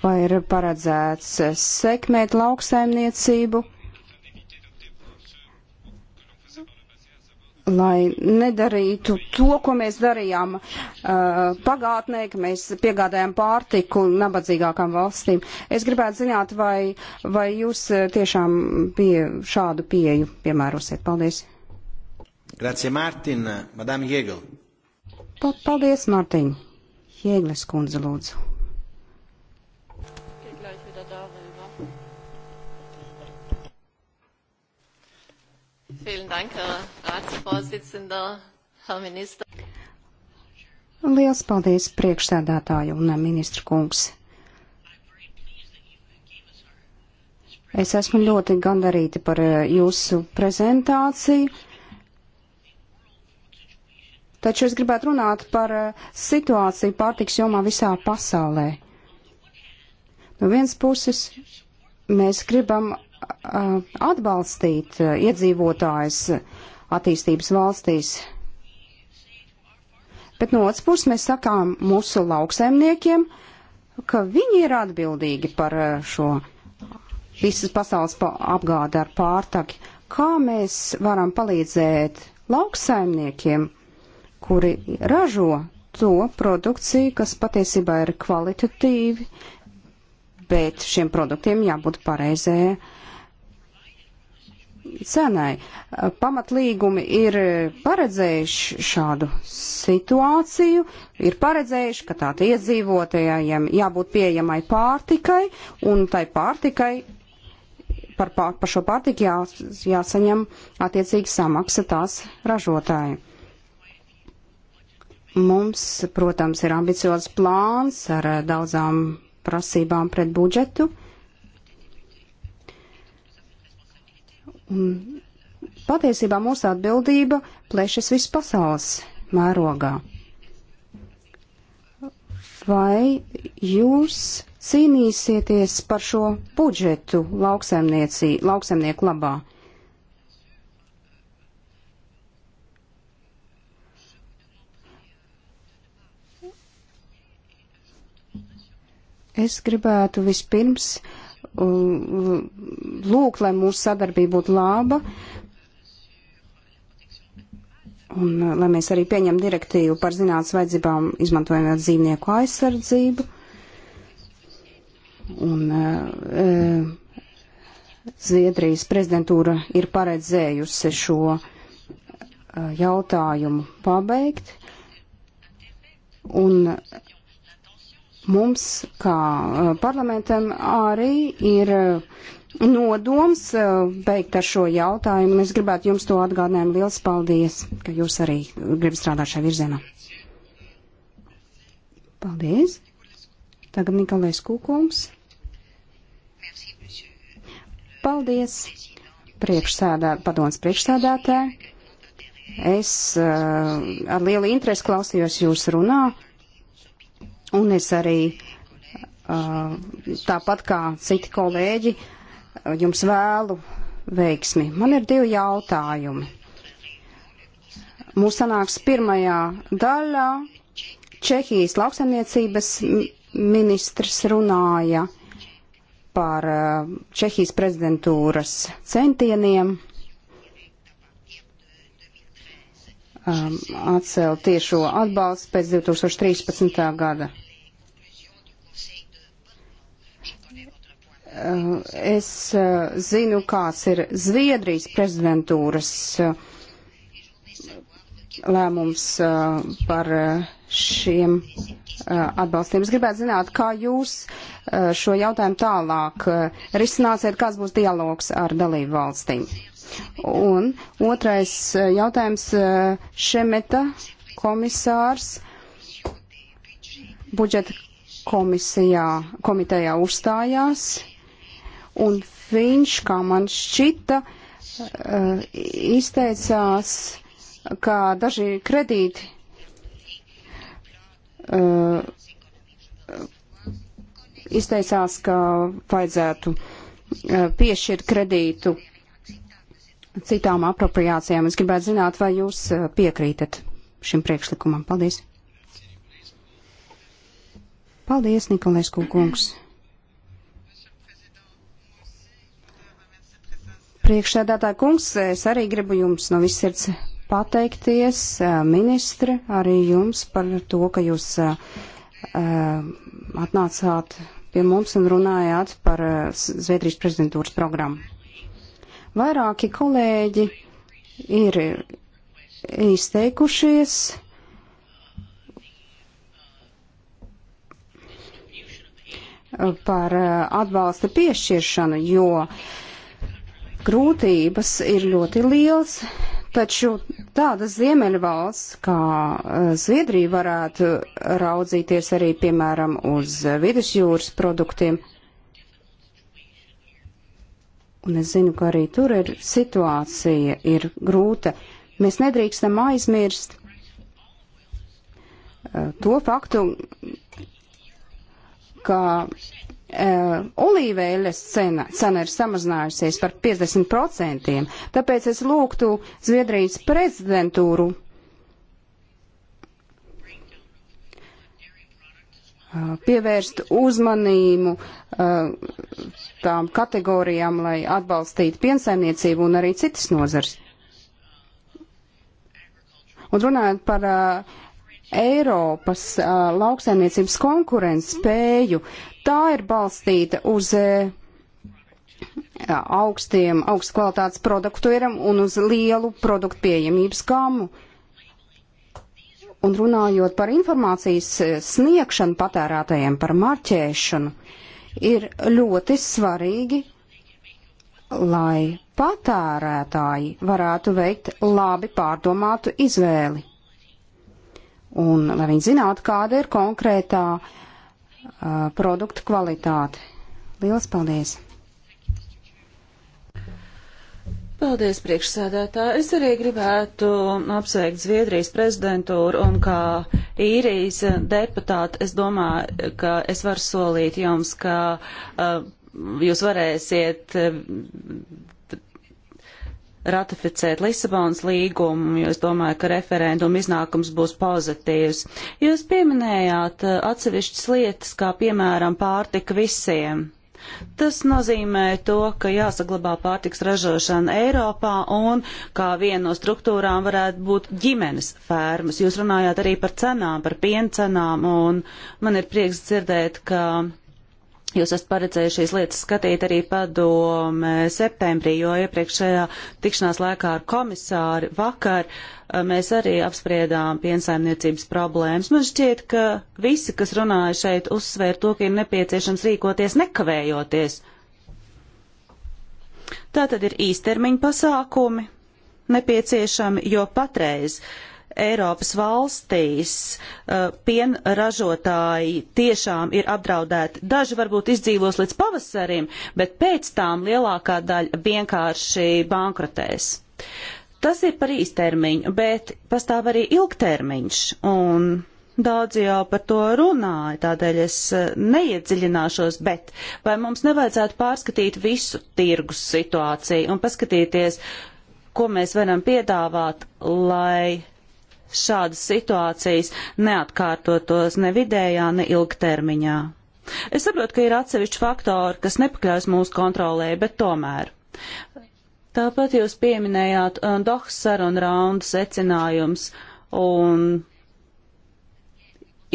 Vai ir paredzēts sekmēt lauksaimniecību? lai nedarītu to, ko mēs darījām uh, pagātnē, ka mēs piegādājām pārtiku nabadzīgākām valstīm. Es gribētu zināt, vai, vai jūs uh, tiešām pie šādu pieju piemērosiet. Paldies. Grazie, Mārtiņ. Madame Jēgla. Paldies, Mārtiņ. Jēglas kundze, lūdzu. Vielen Dank, Herr Ratsvorsitzender, Herr Minister. Liels paldies priekšsēdētāju un eh, ministru kungs. Es esmu ļoti gandarīti par eh, jūsu prezentāciju, taču es gribētu runāt par eh, situāciju pārtiks jomā visā pasaulē. No vienas puses mēs gribam atbalstīt iedzīvotājus attīstības valstīs. Bet no otras puses mēs sakām mūsu lauksaimniekiem, ka viņi ir atbildīgi par šo visas pasaules apgādi ar pārtaki. Kā mēs varam palīdzēt lauksaimniekiem, kuri ražo to produkciju, kas patiesībā ir kvalitatīvi, bet šiem produktiem jābūt pareizē uh, cenai. Pamatlīgumi ir paredzējuši šādu situāciju, ir paredzējuši, ka tā iedzīvotājiem jābūt pieejamai pārtikai, un tai pārtikai par, pār, par šo pārtiku jā, jāsaņem attiecīgi samaksa tās ražotāji. Mums, protams, ir ambiciozs plāns ar daudzām prasībām pret budžetu. Uh, Un patiesībā mūsu atbildība plešas visu pasaules mērogā. Vai jūs cīnīsieties par šo budžetu lauksaimnieku labā? Es gribētu vispirms uh, Mm, lūgt, lai mūsu sadarbība būtu laba. Un, uh, lai mēs arī pieņem direktīvu par zinātnes vajadzībām, izmantojot dzīvnieku aizsardzību. Un, e, Zviedrijas prezidentūra ir paredzējusi šo jautājumu pabeigt. Un Mums, kā eh, parlamentam, arī ir eh, nodoms eh, beigt ar šo jautājumu, un es gribētu jums to atgādinājumu. Liels paldies, ka jūs arī gribat strādāt šajā virzienā. Paldies. Tagad Nikolais Kūkums. Paldies, priekšsēdā, padoms priekšsēdētē. Es uh, ar lielu interesi klausījos jūs runā. Un es arī, tāpat kā citi kolēģi, jums vēlu veiksmi. Man ir divi jautājumi. Mūs sanāks pirmajā daļā. Čehijas lauksaimniecības ministrs runāja par Čehijas prezidentūras centieniem um, atcelt tiešo atbalstu pēc 2013. gada. Uh, es uh, zinu, kāds ir Zviedrijas prezidentūras uh, lēmums par šiem atbalstiem. Es gribētu zināt, kā jūs šo jautājumu tālāk risināsiet, kāds būs dialogs ar dalību valstīm. Un otrais eh, jautājums eh, Šemeta komisārs budžeta komisijā, komitejā uzstājās, un viņš, kā man šķita, eh, izteicās, ka daži kredīti izteicās, ka vajadzētu piešķirt kredītu citām apropriācijām. Es gribētu zināt, vai jūs eh, piekrītat šim priekšlikumam. Paldies. Paldies, Nikolais Kukungs. Priekšsēdētāja kungs, es arī gribu jums no viss sirds pateikties, eh, ministri, arī jums par to, ka jūs eh, atnācāt pie mums un runājāt par Zviedrijas prezidentūras programmu. Vairāki kolēģi ir izteikušies. par uh, atbalsta piešķiršanu, jo grūtības ir ļoti liels, taču tādas ziemeļvalsts kā uh, Zviedrija varētu raudzīties arī, piemēram, uz vidusjūras produktiem, Un es zinu, ka arī tur ir situācija ir grūta. Mēs nedrīkstam aizmirst eh, to faktu, ka uh, olīveļas cena, cena ir samazinājusies par 50%. Tāpēc es lūgtu Zviedrijas prezidentūru Uh, pievērst uzmanību uh, tām kategorijām, lai atbalstītu piensaimniecību un arī citas nozars. Un runājot par uh, Eiropas uh, lauksaimniecības konkurences spēju, tā ir balstīta uz uh, augstiem, augsts kvalitātes produktu un uz lielu produktu pieejamības gamu. Uh, Un runājot par informācijas e, sniegšanu patērētājiem, par marķēšanu, ir ļoti svarīgi, lai patērētāji varētu veikt labi pārdomātu izvēli. Un lai viņi zinātu, kāda ir konkrētā uh, e, produkta kvalitāte. Lielas paldies! Paldies, priekšsēdētā. Es arī gribētu apsveikt Zviedrijas prezidentūru un kā īrijas deputāti, es domāju, ka es varu solīt jums, ka uh, jūs varēsiet uh, ratificēt Lisabonas līgumu, jo es domāju, ka referenduma iznākums būs pozitīvs. Jūs pieminējāt uh, atsevišķas lietas, kā piemēram pārtika visiem. Tas nozīmē to, ka jāsaglabā pārtiks ražošana Eiropā un kā viena no struktūrām varētu būt ģimenes fermas. Jūs runājāt arī par cenām, par piencenām un man ir prieks dzirdēt, ka Jūs esat paredzējuši šīs lietas skatīt arī padome septembrī, jo iepriekšējā tikšanās laikā ar komisāri vakar eh, mēs arī apspriedām piensaimniecības problēmas. Man šķiet, ka visi, kas runāja šeit, uzsvēra to, ka ir nepieciešams rīkoties nekavējoties. Tā tad ir īstermiņa pasākumi nepieciešami, jo patreiz uh, Eiropas valstīs uh, pienražotāji tiešām ir apdraudēti. Daži varbūt izdzīvos līdz pavasarim, bet pēc tām lielākā daļa vienkārši bankrotēs. Tas ir par īstermiņu, bet pastāv arī ilgtermiņš. Un Daudz jau par to runāja, tādēļ es eh, neiedziļināšos, bet vai mums nevajadzētu pārskatīt visu tirgus situāciju un paskatīties, ko mēs varam piedāvāt, lai šādas situācijas neatkārtotos ne vidējā, ne ilgtermiņā. Es saprotu, ka ir atsevišķi faktori, kas nepakļaus mūsu kontrolē, bet tomēr. Tāpat jūs pieminējāt uh, Dohas sarunu raundu secinājums un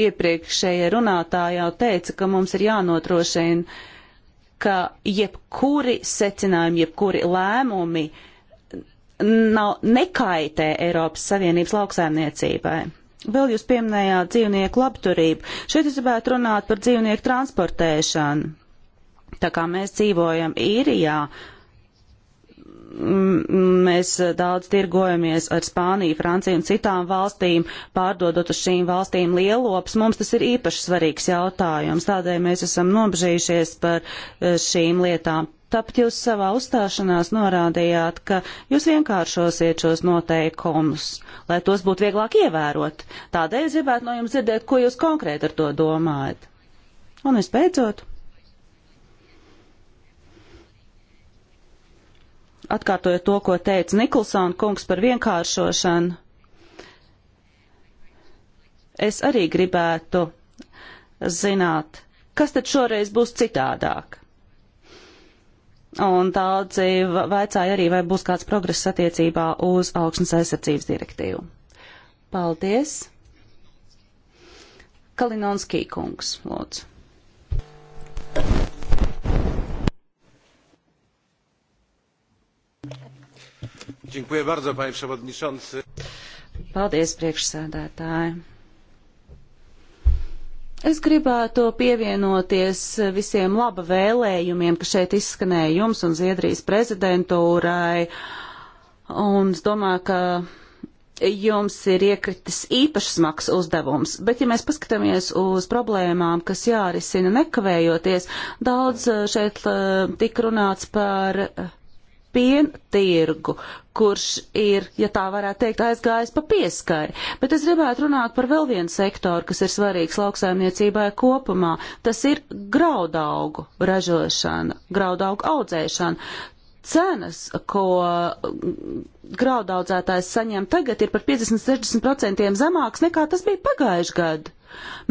iepriekšējie runātāji jau teica, ka mums ir jānotrošina, ka jebkuri secinājumi, jebkuri lēmumi uh, nav nekaitē Eiropas Savienības lauksaimniecībai. Vēl jūs pieminējāt dzīvnieku labturību. Šeit es gribētu runāt par dzīvnieku transportēšanu. Tā kā mēs dzīvojam īrijā, mēs daudz tirgojamies ar Spāniju, Franciju un citām valstīm, pārdodot uz šīm valstīm lielops. Mums tas ir īpaši svarīgs jautājums, tādēļ mēs esam nobežījušies par eh, šīm lietām. Tapt jūs savā uzstāšanās norādījāt, ka jūs vienkāršosiet šos noteikumus, lai tos būtu vieglāk ievērot. Tādēļ es gribētu no jums dzirdēt, ko jūs konkrēti ar to domājat. Un visbeidzot, atkārtojot to, ko teica Nikolsona kungs par vienkāršošanu, es arī gribētu zināt, kas tad šoreiz būs citādāk un daudzi vaicāja arī, vai būs kāds progress attiecībā uz augstnes aizsardzības direktīvu. Paldies! Kalinonskī kungs, lūdzu. Dziękuję bardzo, panie przewodniczący. Paldies, priekšsēdētāji. Es gribētu pievienoties visiem laba vēlējumiem, kas šeit izskanēja jums un Zviedrijas prezidentūrai. Un es domāju, ka jums ir iekritis īpaši smags uzdevums. Bet, ja mēs paskatāmies uz problēmām, kas jārisina nekavējoties, daudz eh, šeit eh, tika runāts par eh, pientirgu, kurš ir, ja tā varētu teikt, aizgājis pa pieskari. Bet es gribētu runāt par vēl vienu sektoru, kas ir svarīgs lauksaimniecībai kopumā. Tas ir graudaugu ražošana, graudaugu audzēšana. Cenas, ko graudaudzētājs saņem tagad, ir par 50-60% zemāks nekā tas bija pagājuši gadu.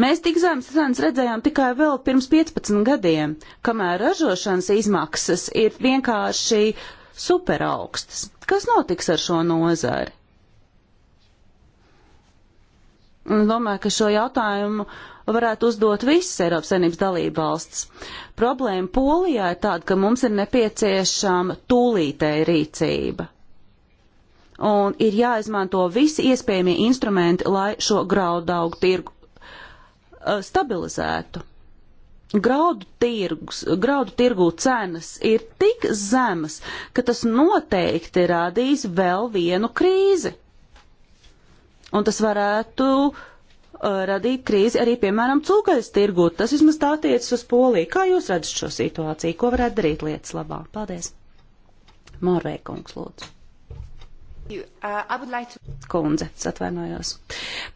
Mēs tik zemes cenas redzējām tikai vēl pirms 15 gadiem, kamēr ražošanas izmaksas ir vienkārši uh, superaugstas. Kas notiks ar šo nozari? Un domāju, ka šo jautājumu varētu uzdot visas Eiropas Savienības dalība valsts. Problēma Polijā ir tāda, ka mums ir nepieciešama tūlītēja rīcība. Un ir jāizmanto visi iespējamie instrumenti, lai šo graudaugu tirgu eh, stabilizētu graudu, tirgus, graudu tirgu cenas ir tik zemas, ka tas noteikti radīs vēl vienu krīzi. Un tas varētu uh, radīt krīzi arī, piemēram, cūkaļas tirgu. Tas vismaz tā tiecas uz Poliju. Kā jūs redzat šo situāciju? Ko varētu darīt lietas labā? Paldies. Morvei kungs, lūdzu. Uh, like to... Kundze, atvainojos.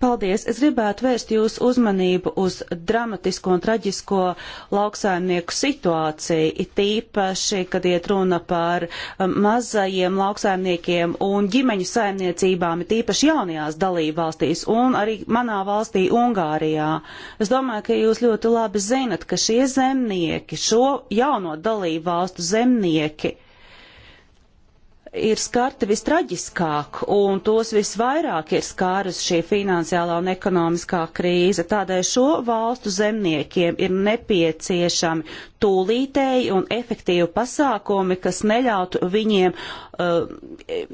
Paldies. Es gribētu vērst jūsu uzmanību uz dramatisko un traģisko lauksaimnieku situāciju, it īpaši, kad iet runa par um, mazajiem lauksaimniekiem un ģimeņu saimniecībām, it īpaši jaunajās dalībvalstīs un arī manā valstī Ungārijā. Es domāju, ka jūs ļoti labi zinat, ka šie zemnieki, šo jauno dalībvalstu zemnieki, ir skarti vistraģiskāk un tos visvairāk ir skāras šī finansiālā un ekonomiskā krīze. Tādēļ šo valstu zemniekiem ir nepieciešami tūlītēji un efektīvi pasākumi, kas neļautu viņiem uh,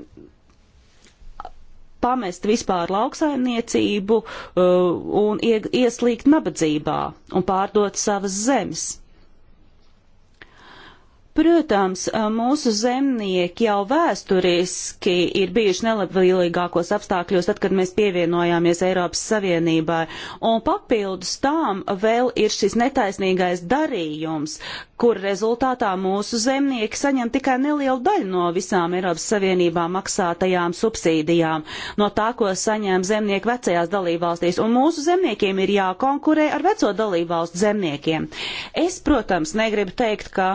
pamest vispār lauksaimniecību uh, un ieslīgt nabadzībā un pārdot savas zemes. Protams, mūsu zemnieki jau vēsturiski ir bijuši nelabvēlīgākos apstākļos, tad, kad mēs pievienojāmies Eiropas Savienībai. Un papildus tām vēl ir šis netaisnīgais darījums, kur rezultātā mūsu zemnieki saņem tikai nelielu daļu no visām Eiropas Savienībā maksātajām subsīdijām, no tā, ko saņem zemnieki vecajās dalībvalstīs. Un mūsu zemniekiem ir jākonkurē ar veco dalībvalstu zemniekiem. Es, protams, negribu teikt, ka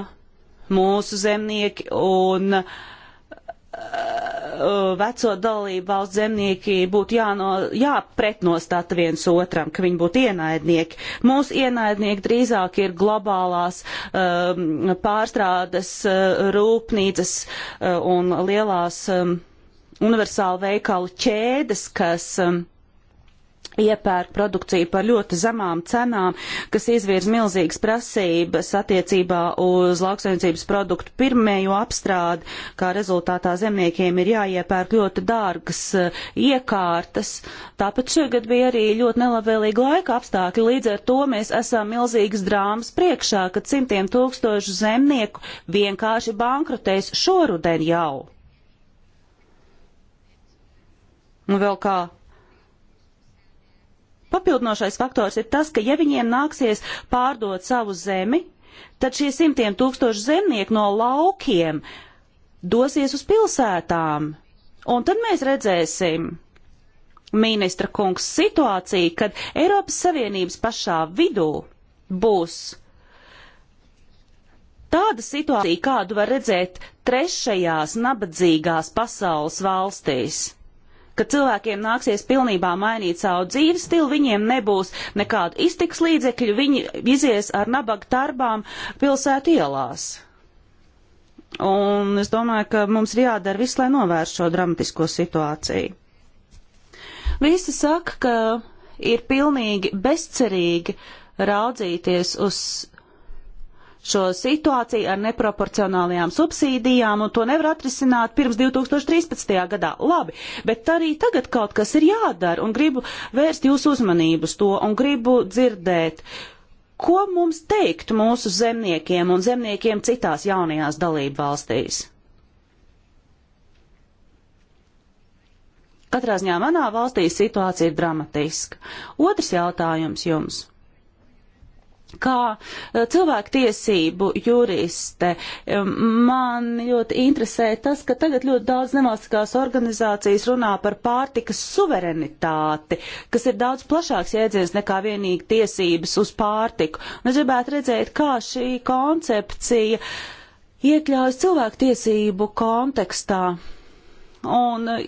mūsu zemnieki un uh, veco dalību valsts zemnieki būtu jāno, jāpretnostata viens otram, ka viņi būtu ienaidnieki. Mūsu ienaidnieki drīzāk ir globālās um, pārstrādes uh, rūpnīcas uh, un lielās um, universāla veikalu ķēdes, kas um, iepērk produkciju par ļoti zemām cenām, kas izvirz milzīgas prasības attiecībā uz lauksaimniecības produktu pirmējo apstrādi, kā rezultātā zemniekiem ir jāiepērk ļoti dārgas eh, iekārtas. Tāpat šogad bija arī ļoti nelabvēlīgi laika apstākļi, līdz ar to mēs esam milzīgas drāmas priekšā, kad simtiem tūkstošu zemnieku vienkārši bankrotēs šoruden jau. Un nu, vēl kā Papildinošais faktors ir tas, ka ja viņiem nāksies pārdot savu zemi, tad šie simtiem tūkstoši zemnieku no laukiem dosies uz pilsētām. Un tad mēs redzēsim, ministra kungs, situāciju, kad Eiropas Savienības pašā vidū būs tāda situācija, kādu var redzēt trešajās nabadzīgās pasaules valstīs ka cilvēkiem nāksies pilnībā mainīt savu dzīves stilu, viņiem nebūs nekādu iztiks līdzekļu, viņi izies ar nabaga tarbām pilsētu ielās. Un es domāju, ka mums ir jādara viss, lai novērstu šo dramatisko situāciju. Visi saka, ka ir pilnīgi bezcerīgi raudzīties uz šo situāciju ar neproporcionālajām subsīdijām, un to nevar atrisināt pirms 2013. gadā. Labi, bet arī tagad kaut kas ir jādara, un gribu vērst jūsu uzmanību uz to, un gribu dzirdēt. Ko mums teikt mūsu zemniekiem un zemniekiem citās jaunajās dalību valstīs? Katrā ziņā manā valstī situācija ir dramatiska. Otrs jautājums jums. Kā eh, cilvēktiesību juriste man ļoti interesē tas, ka tagad ļoti daudz nevalstiskās organizācijas runā par pārtikas suverenitāti, kas ir daudz plašāks jēdziens nekā vienīgi tiesības uz pārtiku. Un es gribētu redzēt, kā šī koncepcija iekļaujas cilvēktiesību kontekstā. Un eh,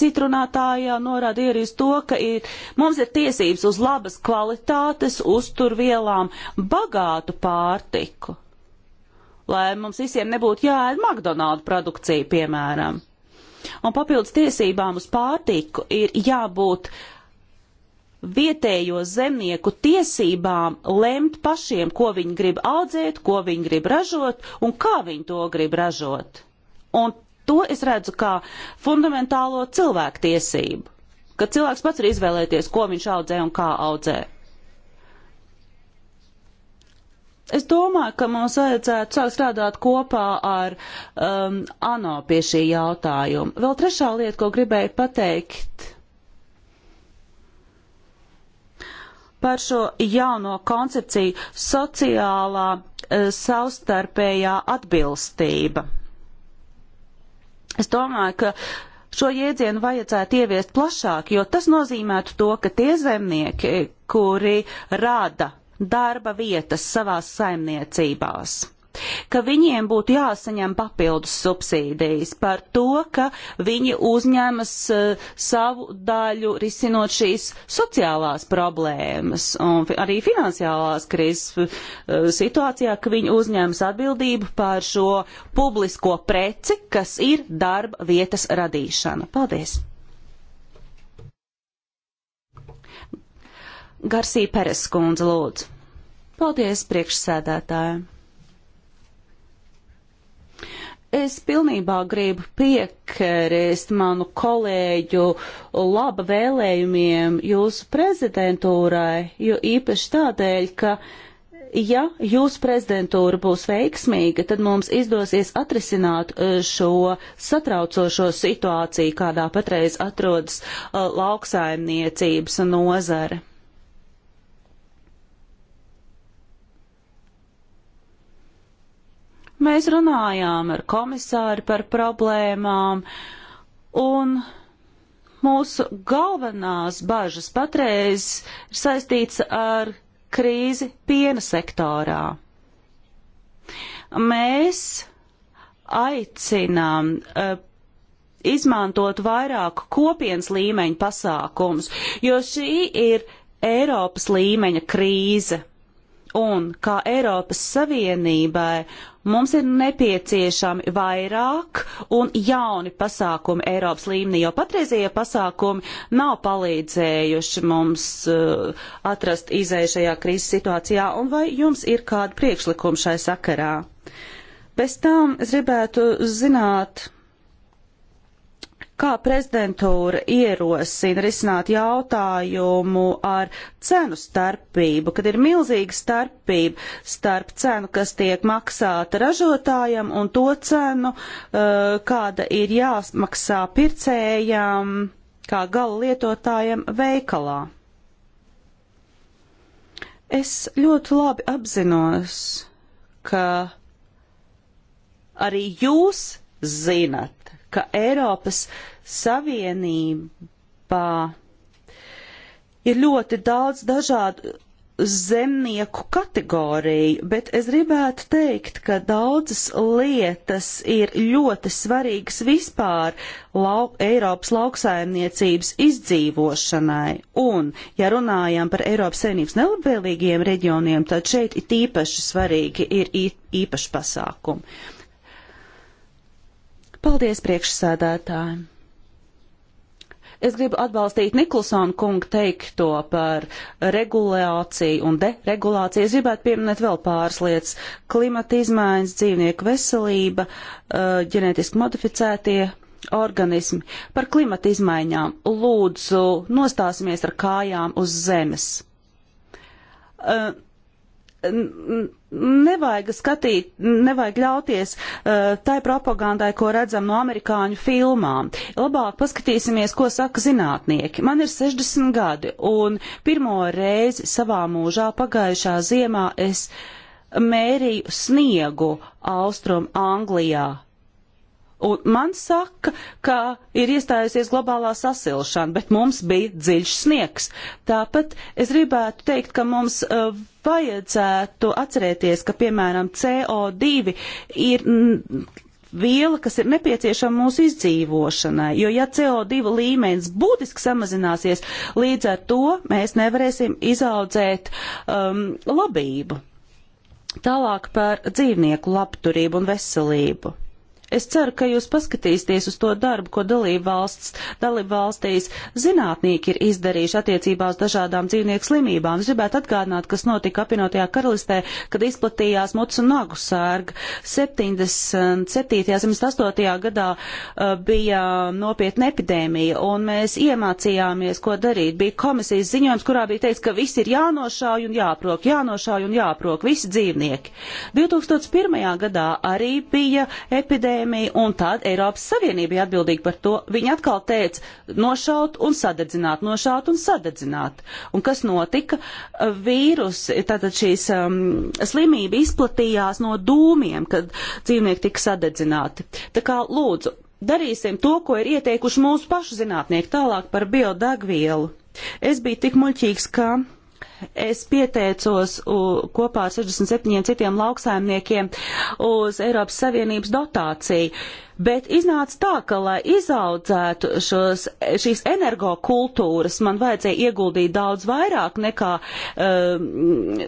Citrunātājā norāda arī uz to, ka ir, mums ir tiesības uz labas kvalitātes uzturvielām bagātu pārtiku, lai mums visiem nebūtu jāēd McDonald's produkcija, piemēram. Un papildus tiesībām uz pārtiku ir jābūt vietējo zemnieku tiesībām lemt pašiem, ko viņi grib audzēt, ko viņi grib ražot un kā viņi to grib ražot. Un to es redzu kā fundamentālo cilvēktiesību, ka cilvēks pats var izvēlēties, ko viņš audzē un kā audzē. Es domāju, ka mums vajadzētu sākt strādāt kopā ar um, ANO pie šī jautājuma. Vēl trešā lieta, ko gribēju pateikt par šo jauno koncepciju - sociālā e, savstarpējā atbilstība. Es domāju, ka šo jēdzienu vajadzētu ieviest plašāk, jo tas nozīmētu to, ka tie zemnieki, kuri rada darba vietas savās saimniecībās, ka viņiem būtu jāsaņem papildus subsīdijas par to, ka viņi uzņemas uh, savu daļu risinot šīs sociālās problēmas un arī finansiālās krīzes uh, situācijā, ka viņi uzņemas atbildību par šo publisko preci, kas ir darba vietas radīšana. Paldies! Garsī Pereskundze lūdzu. Paldies priekšsēdētājiem! Es pilnībā gribu piekrist manu kolēģu laba vēlējumiem jūsu prezidentūrai, jo īpaši tādēļ, ka ja jūsu prezidentūra būs veiksmīga, tad mums izdosies atrisināt e, šo satraucošo situāciju, kādā patreiz atrodas e, lauksaimniecības nozare. Mēs runājām ar komisāru par problēmām, un mūsu galvenās bažas patreiz ir saistīts ar krīzi piena sektorā. Mēs aicinām uh, izmantot vairāk kopienas līmeņa pasākumus, jo šī ir Eiropas līmeņa krīze. Un kā Eiropas Savienībai mums ir nepieciešami vairāk un jauni pasākumi Eiropas līmenī, jo patreizie pasākumi nav palīdzējuši mums uh, atrast izēju šajā krīzes situācijā, un vai jums ir kāda priekšlikuma šai sakarā? Bez tam es gribētu zināt, Kā prezidentūra ierosina risināt jautājumu ar cenu starpību, kad ir milzīga starpība starp cenu, kas tiek maksāta ražotājam, un to cenu, uh, kāda ir jāmaksā pircējam, kā gala lietotājam veikalā? Es ļoti labi apzinos, ka arī jūs zinat, ka Eiropas Savienībā ir ļoti daudz dažādu zemnieku kategoriju, bet es gribētu teikt, ka daudzas lietas ir ļoti svarīgas vispār lau, Eiropas lauksaimniecības izdzīvošanai. Un, ja runājam par Eiropas saimnības nelabvēlīgiem reģioniem, tad šeit it īpaši svarīgi ir īpaši pasākumi. Paldies priekšsēdētājiem! Es gribu atbalstīt Niklsonu kungu teikto par regulāciju un deregulāciju. Es gribētu pieminēt vēl pāris lietas - klimata izmaiņas, dzīvnieku veselība, eh, ģenētiski modificētie organismi. Par klimata izmaiņām lūdzu nostāsimies ar kājām uz zemes. Eh, nevajag skatīt, nevajag ļauties uh, tai propagandai, ko redzam no amerikāņu filmām. Labāk paskatīsimies, ko saka zinātnieki. Man ir 60 gadi, un pirmo reizi savā mūžā pagājušā ziemā es mērīju sniegu austrum Anglijā. Un man saka, ka ir iestājusies globālā sasilšana, bet mums bija dziļš sniegs. Tāpat es gribētu teikt, ka mums uh, vajadzētu atcerēties, ka, piemēram, CO2 ir. Mm, viela, kas ir nepieciešama mūsu izdzīvošanai. Jo ja CO2 līmenis būtiski samazināsies, līdz ar to mēs nevarēsim izaudzēt um, labību. Tālāk par dzīvnieku labturību un veselību. Es ceru, ka jūs paskatīsieties uz to darbu, ko dalībvalsts, dalībvalstīs zinātnieki ir izdarījuši attiecībā uz dažādām dzīvnieku slimībām. Es gribētu atgādināt, kas notika apvienotajā karalistē, kad izplatījās mucu un nagu sērga. 77. 78. gadā uh, bija nopietna epidēmija, un mēs iemācījāmies, ko darīt. Bija komisijas ziņojums, kurā bija teikts, ka viss ir jānošauj un jāprok, jānošauj un jāprok, visi dzīvnieki. 2001. gadā arī bija epidēmija epidēmija, un tad Eiropas Savienība bija atbildīga par to. Viņa atkal teica, nošaut un sadedzināt, nošaut un sadedzināt. Un kas notika? Vīrus, tātad šīs um, slimība izplatījās no dūmiem, kad dzīvnieki tika sadedzināti. Tā kā lūdzu, darīsim to, ko ir ieteikuši mūsu pašu zinātnieki tālāk par biodagvielu. Es biju tik muļķīgs, ka. Kā es pieteicos kopā ar 67 citiem lauksaimniekiem uz Eiropas Savienības dotāciju. Bet iznāca tā, ka, lai izaudzētu šos, šīs energokultūras, man vajadzēja ieguldīt daudz vairāk nekā. Um,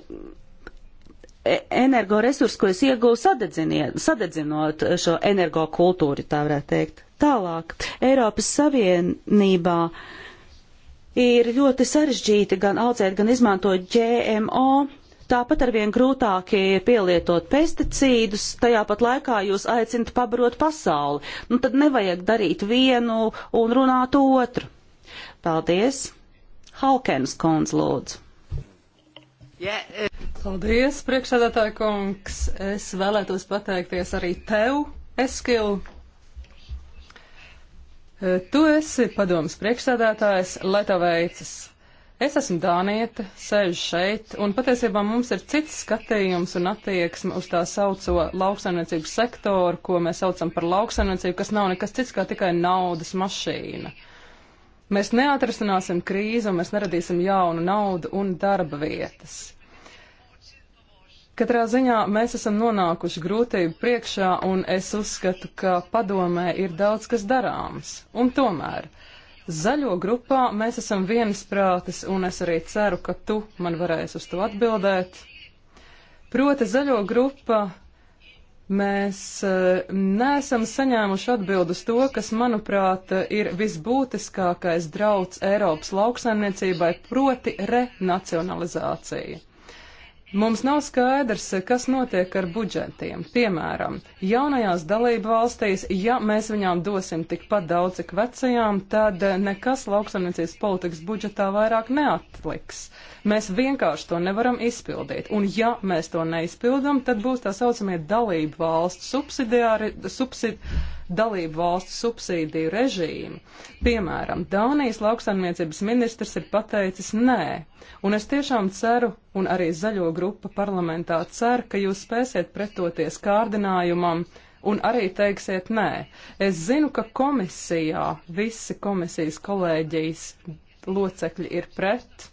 e, energoresursu, ko es iegūstu sadedzinot šo energokultūru, tā varētu teikt. Tālāk, Eiropas Savienībā uh, ir ļoti sarežģīti gan audzēt, gan izmantot GMO. Tāpat arvien grūtāk ir pielietot pesticīdus, tajā pat laikā jūs aicinat pabarot pasauli. Nu, tad nevajag darīt vienu un runāt otru. Paldies! Halkens kundz lūdzu. Paldies, priekšsēdētāja kungs. Es vēlētos pateikties arī tev, Eskilu, Tu esi padomas priekšsēdētājs, lai tev veicas. Es esmu Dānieta, sēžu šeit, un patiesībā mums ir cits skatījums un attieksme uz tā sauco lauksaimniecību sektoru, ko mēs saucam par lauksaimniecību, kas nav nekas cits kā tikai naudas mašīna. Mēs neatrisināsim krīzi un mēs neradīsim jaunu naudu un darba vietas. Katrā ziņā mēs esam nonākuši grūtību priekšā, un es uzskatu, ka padomē ir daudz kas darāms. Un tomēr zaļo grupā mēs esam viensprātis, un es arī ceru, ka tu man varēsi uz to atbildēt. Proti zaļo grupa Mēs eh, neesam saņēmuši atbildus to, kas, manuprāt, ir visbūtiskākais drauds Eiropas lauksaimniecībai, proti renacionalizācija. Mums nav skaidrs, kas notiek ar budžetiem. Piemēram, jaunajās dalību valstīs, ja mēs viņām dosim tikpat daudz, cik vecajām, tad nekas lauksaimniecības politikas budžetā vairāk neatliks. Mēs vienkārši to nevaram izpildīt. Un ja mēs to neizpildam, tad būs tā saucamie dalību valsts subsidiāri, subsid, dalību valstu subsīdiju režīmu. Piemēram, Dānijas lauksaimniecības ministrs ir pateicis nē, un es tiešām ceru, un arī zaļo grupa parlamentā cer, ka jūs spēsiet pretoties kārdinājumam. Un arī teiksiet nē. Es zinu, ka komisijā visi komisijas kolēģijas locekļi ir pret,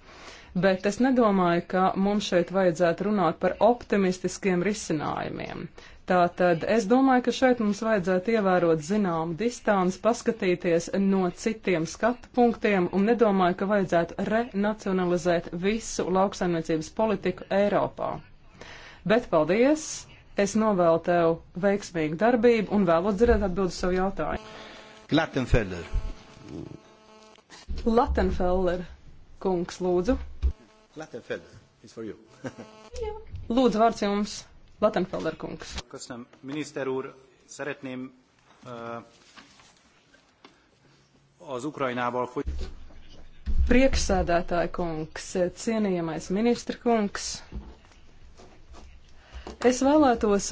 bet es nedomāju, ka mums šeit vajadzētu runāt par optimistiskiem risinājumiem. Tātad es domāju, ka šeit mums vajadzētu ievērot zināmu distanci, paskatīties no citiem skatu punktiem un nedomāju, ka vajadzētu renacionalizēt visu lauksaimniecības politiku Eiropā. Bet paldies! Es novēlu tev veiksmīgu darbību un vēlos dzirdēt atbildu savu jautājumu. Latenfeller. Latenfeller, kungs, lūdzu. Latenfeller, it's for you. lūdzu, vārds jums. Latenfelder kungs. Köszönöm, miniszter úr. Szeretném uh, az Ukrajnával foly... Prieksēdētāja kungs, cienījamais ministra kungs. Es vēlētos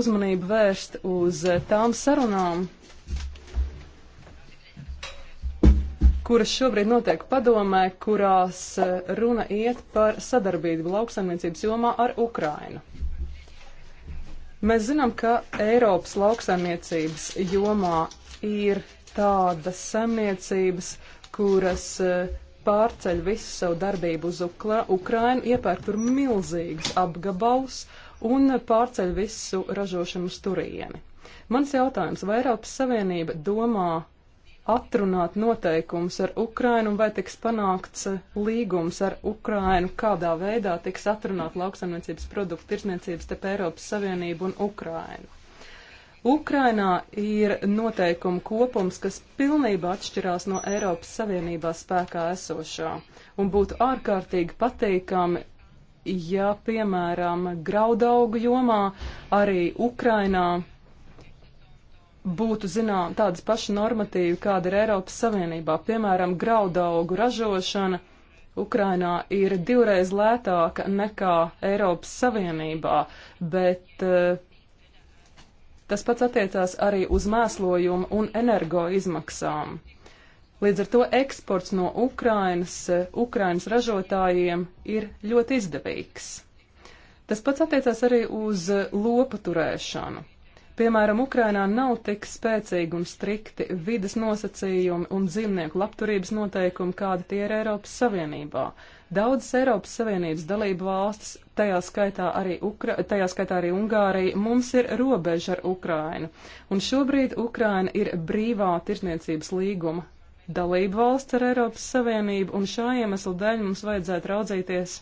uzmanību vērst uz tām sarunām, kuras šobrīd notiek padomē, kurās runa iet par sadarbību lauksaimniecības jomā ar Ukrainu. Mēs zinām, ka Eiropas lauksaimniecības jomā ir tādas saimniecības, kuras eh, pārceļ visu savu darbību uz Ukla Ukrainu, iepērk tur milzīgus apgabalus un pārceļ visu ražošanu uz turieni. Mans jautājums, vai Eiropas Savienība domā atrunāt noteikumus ar Ukrainu un vai tiks panākts eh, līgums ar Ukrainu, kādā veidā tiks atrunāt lauksaimniecības produktu tirsniecības tep Eiropas Savienību un Ukrainu. Ukrainā ir noteikumu kopums, kas pilnībā atšķirās no Eiropas Savienībā spēkā esošā, un būtu ārkārtīgi patīkami, ja, piemēram, graudaugu jomā arī Ukrainā būtu zinām tādas pašas normatīvas, kāda ir Eiropas Savienībā. Piemēram, graudaugu ražošana Ukrainā ir divreiz lētāka nekā Eiropas Savienībā, bet uh, tas pats attiecās arī uz mēslojumu un energo izmaksām. Līdz ar to eksports no Ukrainas, eh, Ukrainas ražotājiem ir ļoti izdevīgs. Tas pats attiecās arī uz eh, lopu turēšanu. Piemēram, Ukrainā nav tik spēcīgi un strikti vidas nosacījumi un dzīvnieku labturības noteikumi, kādi tie ir Eiropas Savienībā. Daudzas Eiropas Savienības dalību valstis, tajā skaitā, arī Ukra tajā skaitā arī Ungārija, mums ir robeža ar Ukrainu. Un šobrīd Ukraina ir brīvā tirzniecības līguma dalību valsts ar Eiropas Savienību, un šā iemesla dēļ mums vajadzētu raudzīties,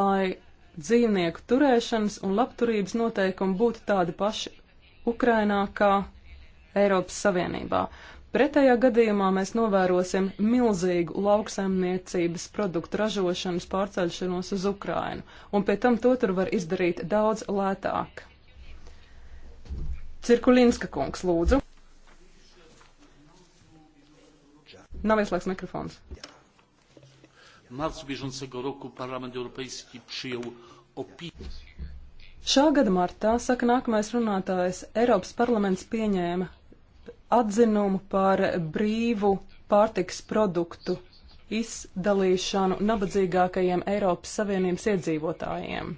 lai dzīvnieku turēšanas un labturības noteikumi būtu tādi paši Ukrainā kā Eiropas Savienībā. Pretējā gadījumā mēs novērosim milzīgu lauksaimniecības produktu ražošanas pārceļšanos uz Ukrainu, un pie tam to tur var izdarīt daudz lētāk. Cirkulinska kungs, lūdzu. Nav ieslēgts mikrofons. Jā marcu bieżącego roku Parlament Europejski przyjął opinię. Šā gada martā, saka nākamais runātājs, Eiropas parlaments pieņēma atzinumu par brīvu pārtiks produktu izdalīšanu nabadzīgākajiem Eiropas Savienības iedzīvotājiem.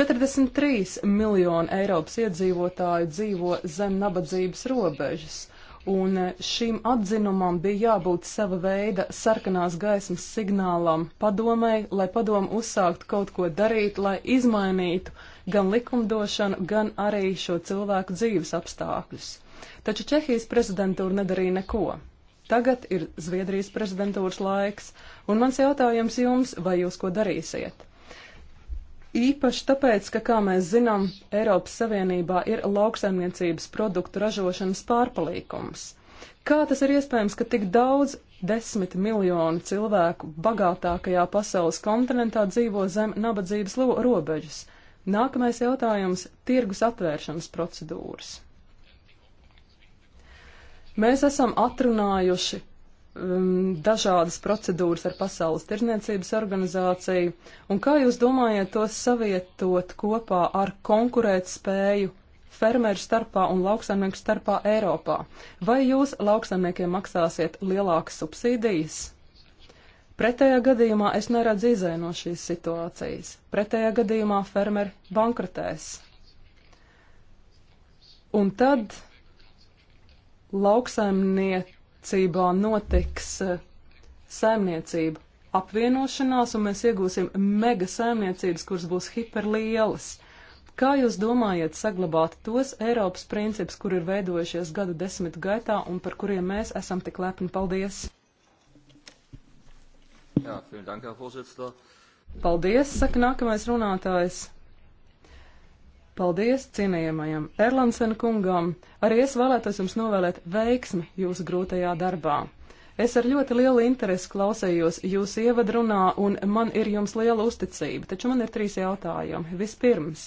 43 miljoni Eiropas iedzīvotāju dzīvo zem nabadzības robežas, un e, šim atzinumam bija jābūt sava veida sarkanās gaismas signālam padomai, lai padomu uzsākt kaut ko darīt, lai izmainītu gan likumdošanu, gan arī šo cilvēku dzīves apstākļus. Taču Čehijas prezidentūra nedarīja neko. Tagad ir Zviedrijas prezidentūras laiks, un mans jautājums jums, vai jūs ko darīsiet? Īpaši tāpēc, ka, kā mēs zinām, Eiropas Savienībā ir lauksaimniecības produktu ražošanas pārpalīkums. Kā tas ir iespējams, ka tik daudz desmit miljonu cilvēku bagātākajā pasaules kontinentā dzīvo zem nabadzības robežas? Nākamais jautājums - tirgus atvēršanas procedūras. Mēs esam atrunājuši um, dažādas procedūras ar Pasaules tirniecības organizāciju, un kā jūs domājat to savietot kopā ar konkurētspēju fermeru starpā un lauksaimnieku starpā Eiropā? Vai jūs lauksaimniekiem maksāsiet lielākas subsīdijas? Pretējā gadījumā es neredzu izēju no šīs situācijas. Pretējā gadījumā fermeri bankrotēs. Un tad lauksaimnieki rīcībā notiks eh, saimniecība apvienošanās, un mēs iegūsim mega saimniecības, kuras būs hiperlielas. Kā jūs domājat saglabāt tos Eiropas principus, kur ir veidojušies gadu desmitu gaitā un par kuriem mēs esam tik lepni? Paldies! Jā, dank, Paldies, saka nākamais runātājs. Paldies cienījamajam Erlansen kungam. Arī es vēlētos jums novēlēt veiksmi jūsu grūtajā darbā. Es ar ļoti lielu interesi klausējos jūsu ievadrunā, un man ir jums liela uzticība, taču man ir trīs jautājumi. Vispirms,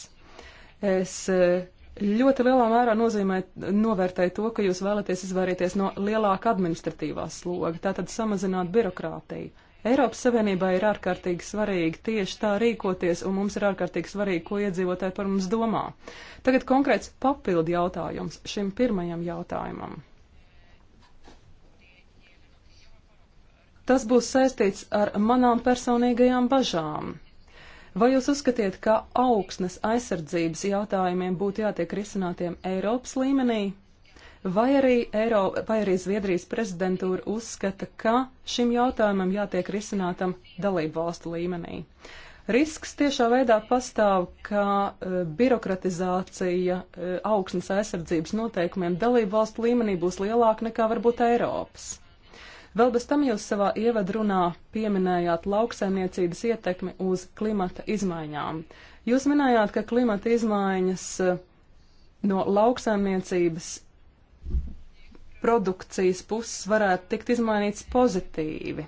es eh, ļoti lielā mērā nozīmē, novērtēju to, ka jūs vēlaties izvairīties no lielāka administratīvā sloga, tātad samazināt birokrātiju. Eiropas Savienībā ir ārkārtīgi svarīgi tieši tā rīkoties, un mums ir ārkārtīgi svarīgi, ko iedzīvotāji par mums domā. Tagad konkrēts papildu jautājums šim pirmajam jautājumam. Tas būs saistīts ar manām personīgajām bažām. Vai jūs uzskatiet, ka augsnes aizsardzības jautājumiem būtu jātiek risinātiem Eiropas līmenī? Vai arī, Eiro, vai arī Zviedrijas prezidentūra uzskata, ka šim jautājumam jātiek risinātam dalību valstu līmenī? Risks tiešā veidā pastāv, ka uh, birokratizācija uh, augsnes aizsardzības noteikumiem dalību valstu līmenī būs lielāka nekā varbūt Eiropas. Vēl bez tam jūs savā ievadrunā pieminējāt lauksaimniecības ietekmi uz klimata izmaiņām. Jūs minējāt, ka klimata izmaiņas uh, no lauksaimniecības produkcijas puses varētu tikt izmainīts pozitīvi.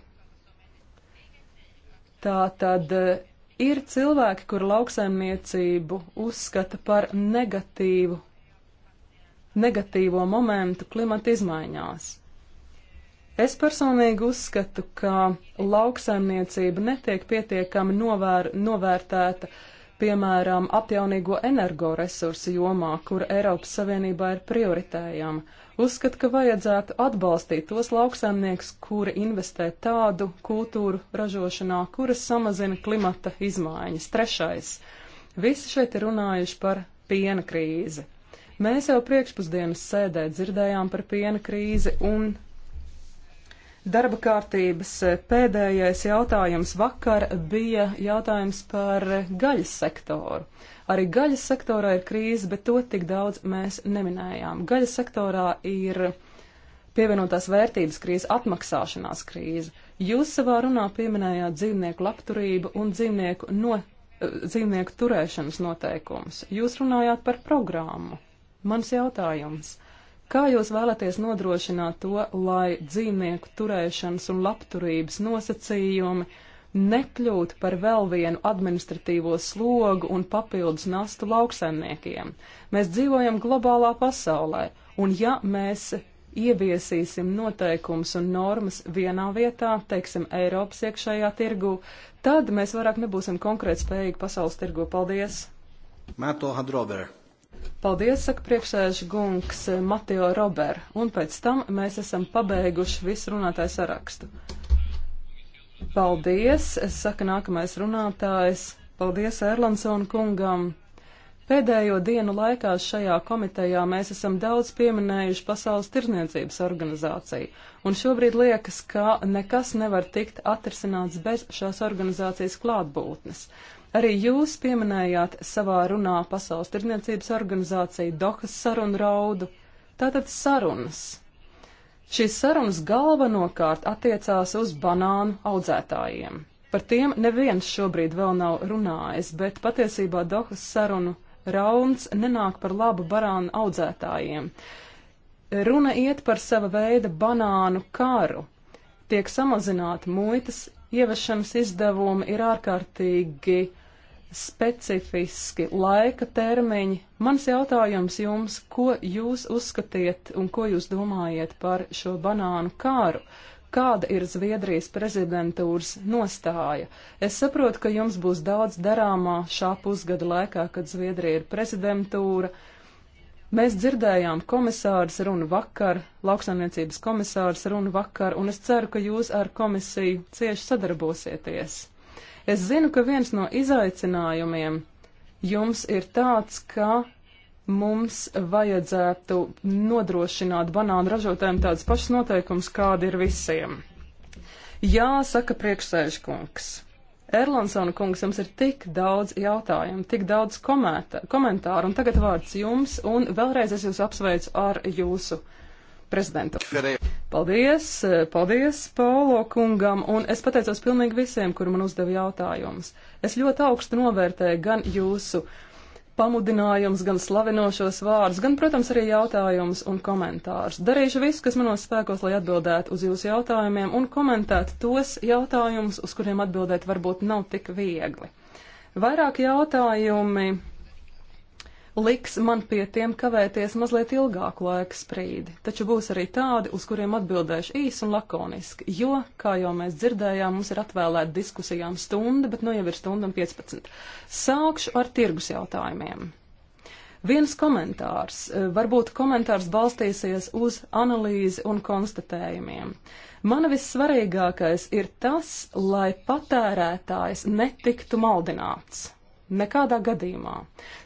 Tā tad eh, ir cilvēki, kur lauksaimniecību uzskata par negatīvu, negatīvo momentu klimata izmaiņās. Es personīgi uzskatu, ka lauksaimniecība netiek pietiekami novēr, novērtēta, piemēram, atjaunīgo energoresursu jomā, kur Eiropas Savienībā ir prioritējama, Uzskatu, ka vajadzētu atbalstīt tos lauksaimniekus, kuri investē tādu kultūru ražošanā, kuras samazina klimata izmaiņas. Trešais. Visi šeit ir runājuši par piena krīzi. Mēs jau priekšpusdienas sēdē dzirdējām par piena krīzi un darba kārtības pēdējais jautājums vakar bija jautājums par gaļas sektoru. Arī gaļas sektorā ir krīze, bet to tik daudz mēs neminējām. Gaļas sektorā ir pievienotās vērtības krīze, atmaksāšanās krīze. Jūs savā runā pieminējāt dzīvnieku labturību un dzīvnieku, no, dzīvnieku turēšanas noteikumus. Jūs runājāt par programmu. Mans jautājums. Kā jūs vēlaties nodrošināt to, lai dzīvnieku turēšanas un labturības nosacījumi nekļūt par vēl vienu administratīvo slogu un papildus nastu lauksaimniekiem. Mēs dzīvojam globālā pasaulē, un ja mēs ieviesīsim noteikums un normas vienā vietā, teiksim, Eiropas iekšējā tirgu, tad mēs vairāk nebūsim konkrēt spējīgi pasaules tirgu. Paldies! Mato Hadrober. Paldies, saka priekšsēžu gungs Matio Rober, un pēc tam mēs esam pabeiguši visu runātāju sarakstu. Paldies, es saku nākamais runātājs. Paldies Erlansona kungam. Pēdējo dienu laikā šajā komitejā mēs esam daudz pieminējuši Pasaules tirzniecības organizāciju, un šobrīd liekas, ka nekas nevar tikt atrisināts bez šās organizācijas klātbūtnes. Arī jūs pieminējāt savā runā Pasaules tirzniecības organizāciju Dohas sarunu raudu. Tātad sarunas. Šīs sarunas galvenokārt attiecās uz banānu audzētājiem. Par tiem neviens šobrīd vēl nav runājis, bet patiesībā Dohas sarunu rauns nenāk par labu banānu audzētājiem. Runa iet par sava veida banānu karu. Tiek samazināti muitas ievešanas izdevumi, ir ārkārtīgi uh, specifiski laika termiņi. Mans jautājums jums, ko jūs uzskatiet un ko jūs domājat par šo banānu kāru? Kāda ir Zviedrijas prezidentūras nostāja? Es saprotu, ka jums būs daudz darāmā šā pusgada laikā, kad Zviedrija ir prezidentūra. Mēs dzirdējām komisārs runu vakar, lauksaimniecības komisārs runu vakar, un es ceru, ka jūs ar komisiju cieši sadarbosieties. Es zinu, ka viens no izaicinājumiem jums ir tāds, ka mums vajadzētu nodrošināt banānu ražotājiem tādas pašas noteikumus, kāda ir visiem. Jā, saka priekšsēžkungs. Erlansona kungs, jums ir tik daudz jautājumu, tik daudz komēta, komentāru, un tagad vārds jums, un vēlreiz es jūs apsveicu ar jūsu prezidentu. Paldies, paldies Paulo kungam, un es pateicos pilnīgi visiem, kur man uzdeva jautājumus. Es ļoti augstu novērtēju gan jūsu pamudinājums, gan slavinošos vārdus, gan, protams, arī jautājumus un komentārus. Darīšu visu, kas manos spēkos, lai atbildētu uz jūsu jautājumiem un komentētu tos jautājumus, uz kuriem atbildēt varbūt nav tik viegli. Vairāk jautājumi liks man pie tiem kavēties mazliet ilgāku laiku sprīdi, taču būs arī tādi, uz kuriem atbildēšu īsi un lakoniski, jo, kā jau mēs dzirdējām, mums ir atvēlēta diskusijām stunda, bet nu jau ir stunda un 15. Sākšu ar tirgus jautājumiem. Viens komentārs, varbūt komentārs balstīsies uz analīzi un konstatējumiem. Mana vissvarīgākais ir tas, lai patērētājs netiktu maldināts. Nekādā gadījumā.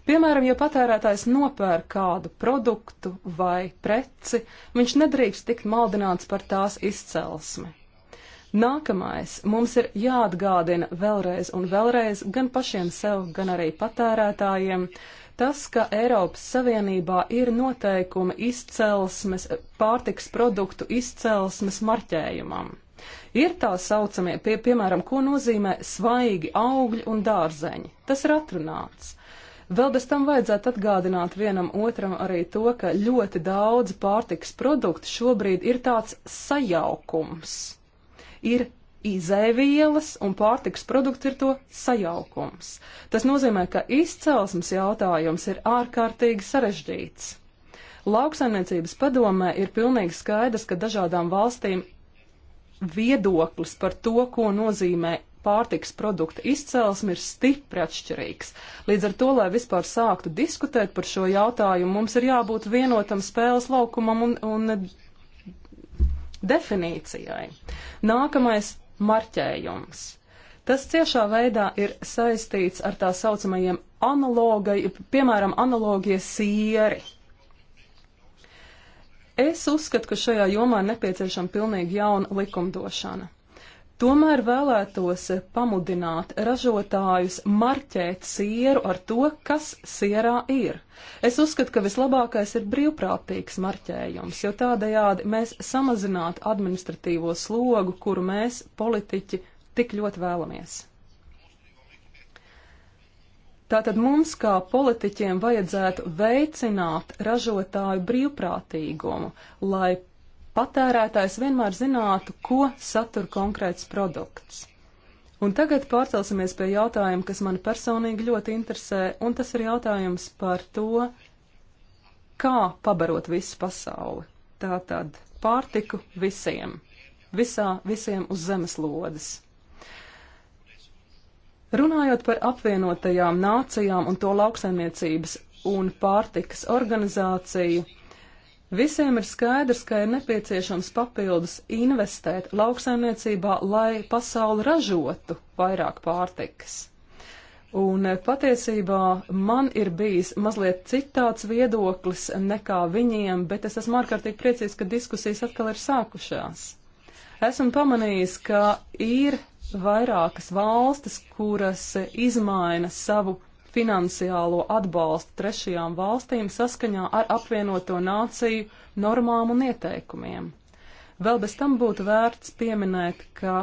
Piemēram, ja patērētājs nopērk kādu produktu vai preci, viņš nedrīkst tikt maldināts par tās izcelsmi. Nākamais mums ir jāatgādina vēlreiz un vēlreiz gan pašiem sev, gan arī patērētājiem, tas, ka Eiropas Savienībā ir noteikumi izcelsmes, pārtiks produktu izcelsmes marķējumam. Ir tā saucamie, pie, piemēram, ko nozīmē svaigi augļi un dārzeņi. Tas ir atrunāts. Vēl bez tam vajadzētu atgādināt vienam otram arī to, ka ļoti daudz pārtiks produktu šobrīd ir tāds sajaukums. Ir izēvielas un pārtiks produkti ir to sajaukums. Tas nozīmē, ka izcelsmes jautājums ir ārkārtīgi sarežģīts. Lauksaimniecības padomē ir pilnīgi skaidrs, ka dažādām valstīm viedoklis par to, ko nozīmē pārtiks produkta izcelsme ir stipri atšķirīgs. Līdz ar to, lai vispār sāktu diskutēt par šo jautājumu, mums ir jābūt vienotam spēles laukumam un, un definīcijai. Nākamais - marķējums. Tas ciešā veidā ir saistīts ar tā saucamajiem analogai, piemēram, analogie sieri. Es uzskatu, ka šajā jomā ir nepieciešama pilnīgi jauna likumdošana. Tomēr vēlētos pamudināt ražotājus marķēt sieru ar to, kas sierā ir. Es uzskatu, ka vislabākais ir brīvprātīgs marķējums, jo tādējādi mēs samazinātu administratīvo slogu, kuru mēs, politiķi, tik ļoti vēlamies. Tātad mums, kā politiķiem, vajadzētu veicināt ražotāju brīvprātīgumu, lai patērētājs vienmēr zinātu, ko satur konkrēts produkts. Un tagad pārcelsimies pie jautājuma, kas mani personīgi ļoti interesē, un tas ir jautājums par to, kā pabarot visu pasauli. Tātad pārtiku visiem, visā, visiem uz zemeslodes. Runājot par apvienotajām nācijām un to lauksaimniecības un pārtikas organizāciju, visiem ir skaidrs, ka ir nepieciešams papildus investēt lauksaimniecībā, lai pasauli ražotu vairāk pārtikas. Un eh, patiesībā man ir bijis mazliet citāds viedoklis nekā viņiem, bet es esmu ārkārtīgi priecīgs, ka diskusijas atkal ir sākušās. Esmu pamanījis, ka ir vairākas valstis, kuras izmaina savu finansiālo atbalstu trešajām valstīm saskaņā ar apvienoto nāciju normām un ieteikumiem. Vēl bez tam būtu vērts pieminēt, ka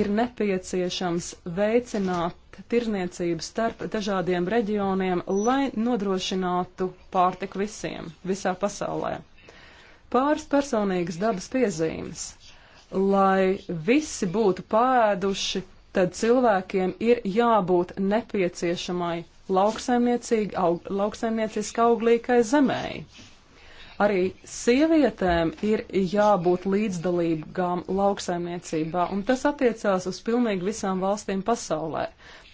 ir nepieciešams veicināt tirniecību starp dažādiem reģioniem, lai nodrošinātu pārtiku visiem visā pasaulē. Pāris personīgas dabas piezīmes lai visi būtu pāēduši, tad cilvēkiem ir jābūt nepieciešamai aug, lauksaimnieciski auglīgai zemēji. Arī sievietēm ir jābūt līdzdalībām lauksaimniecībā, un tas attiecās uz pilnīgi visām valstīm pasaulē.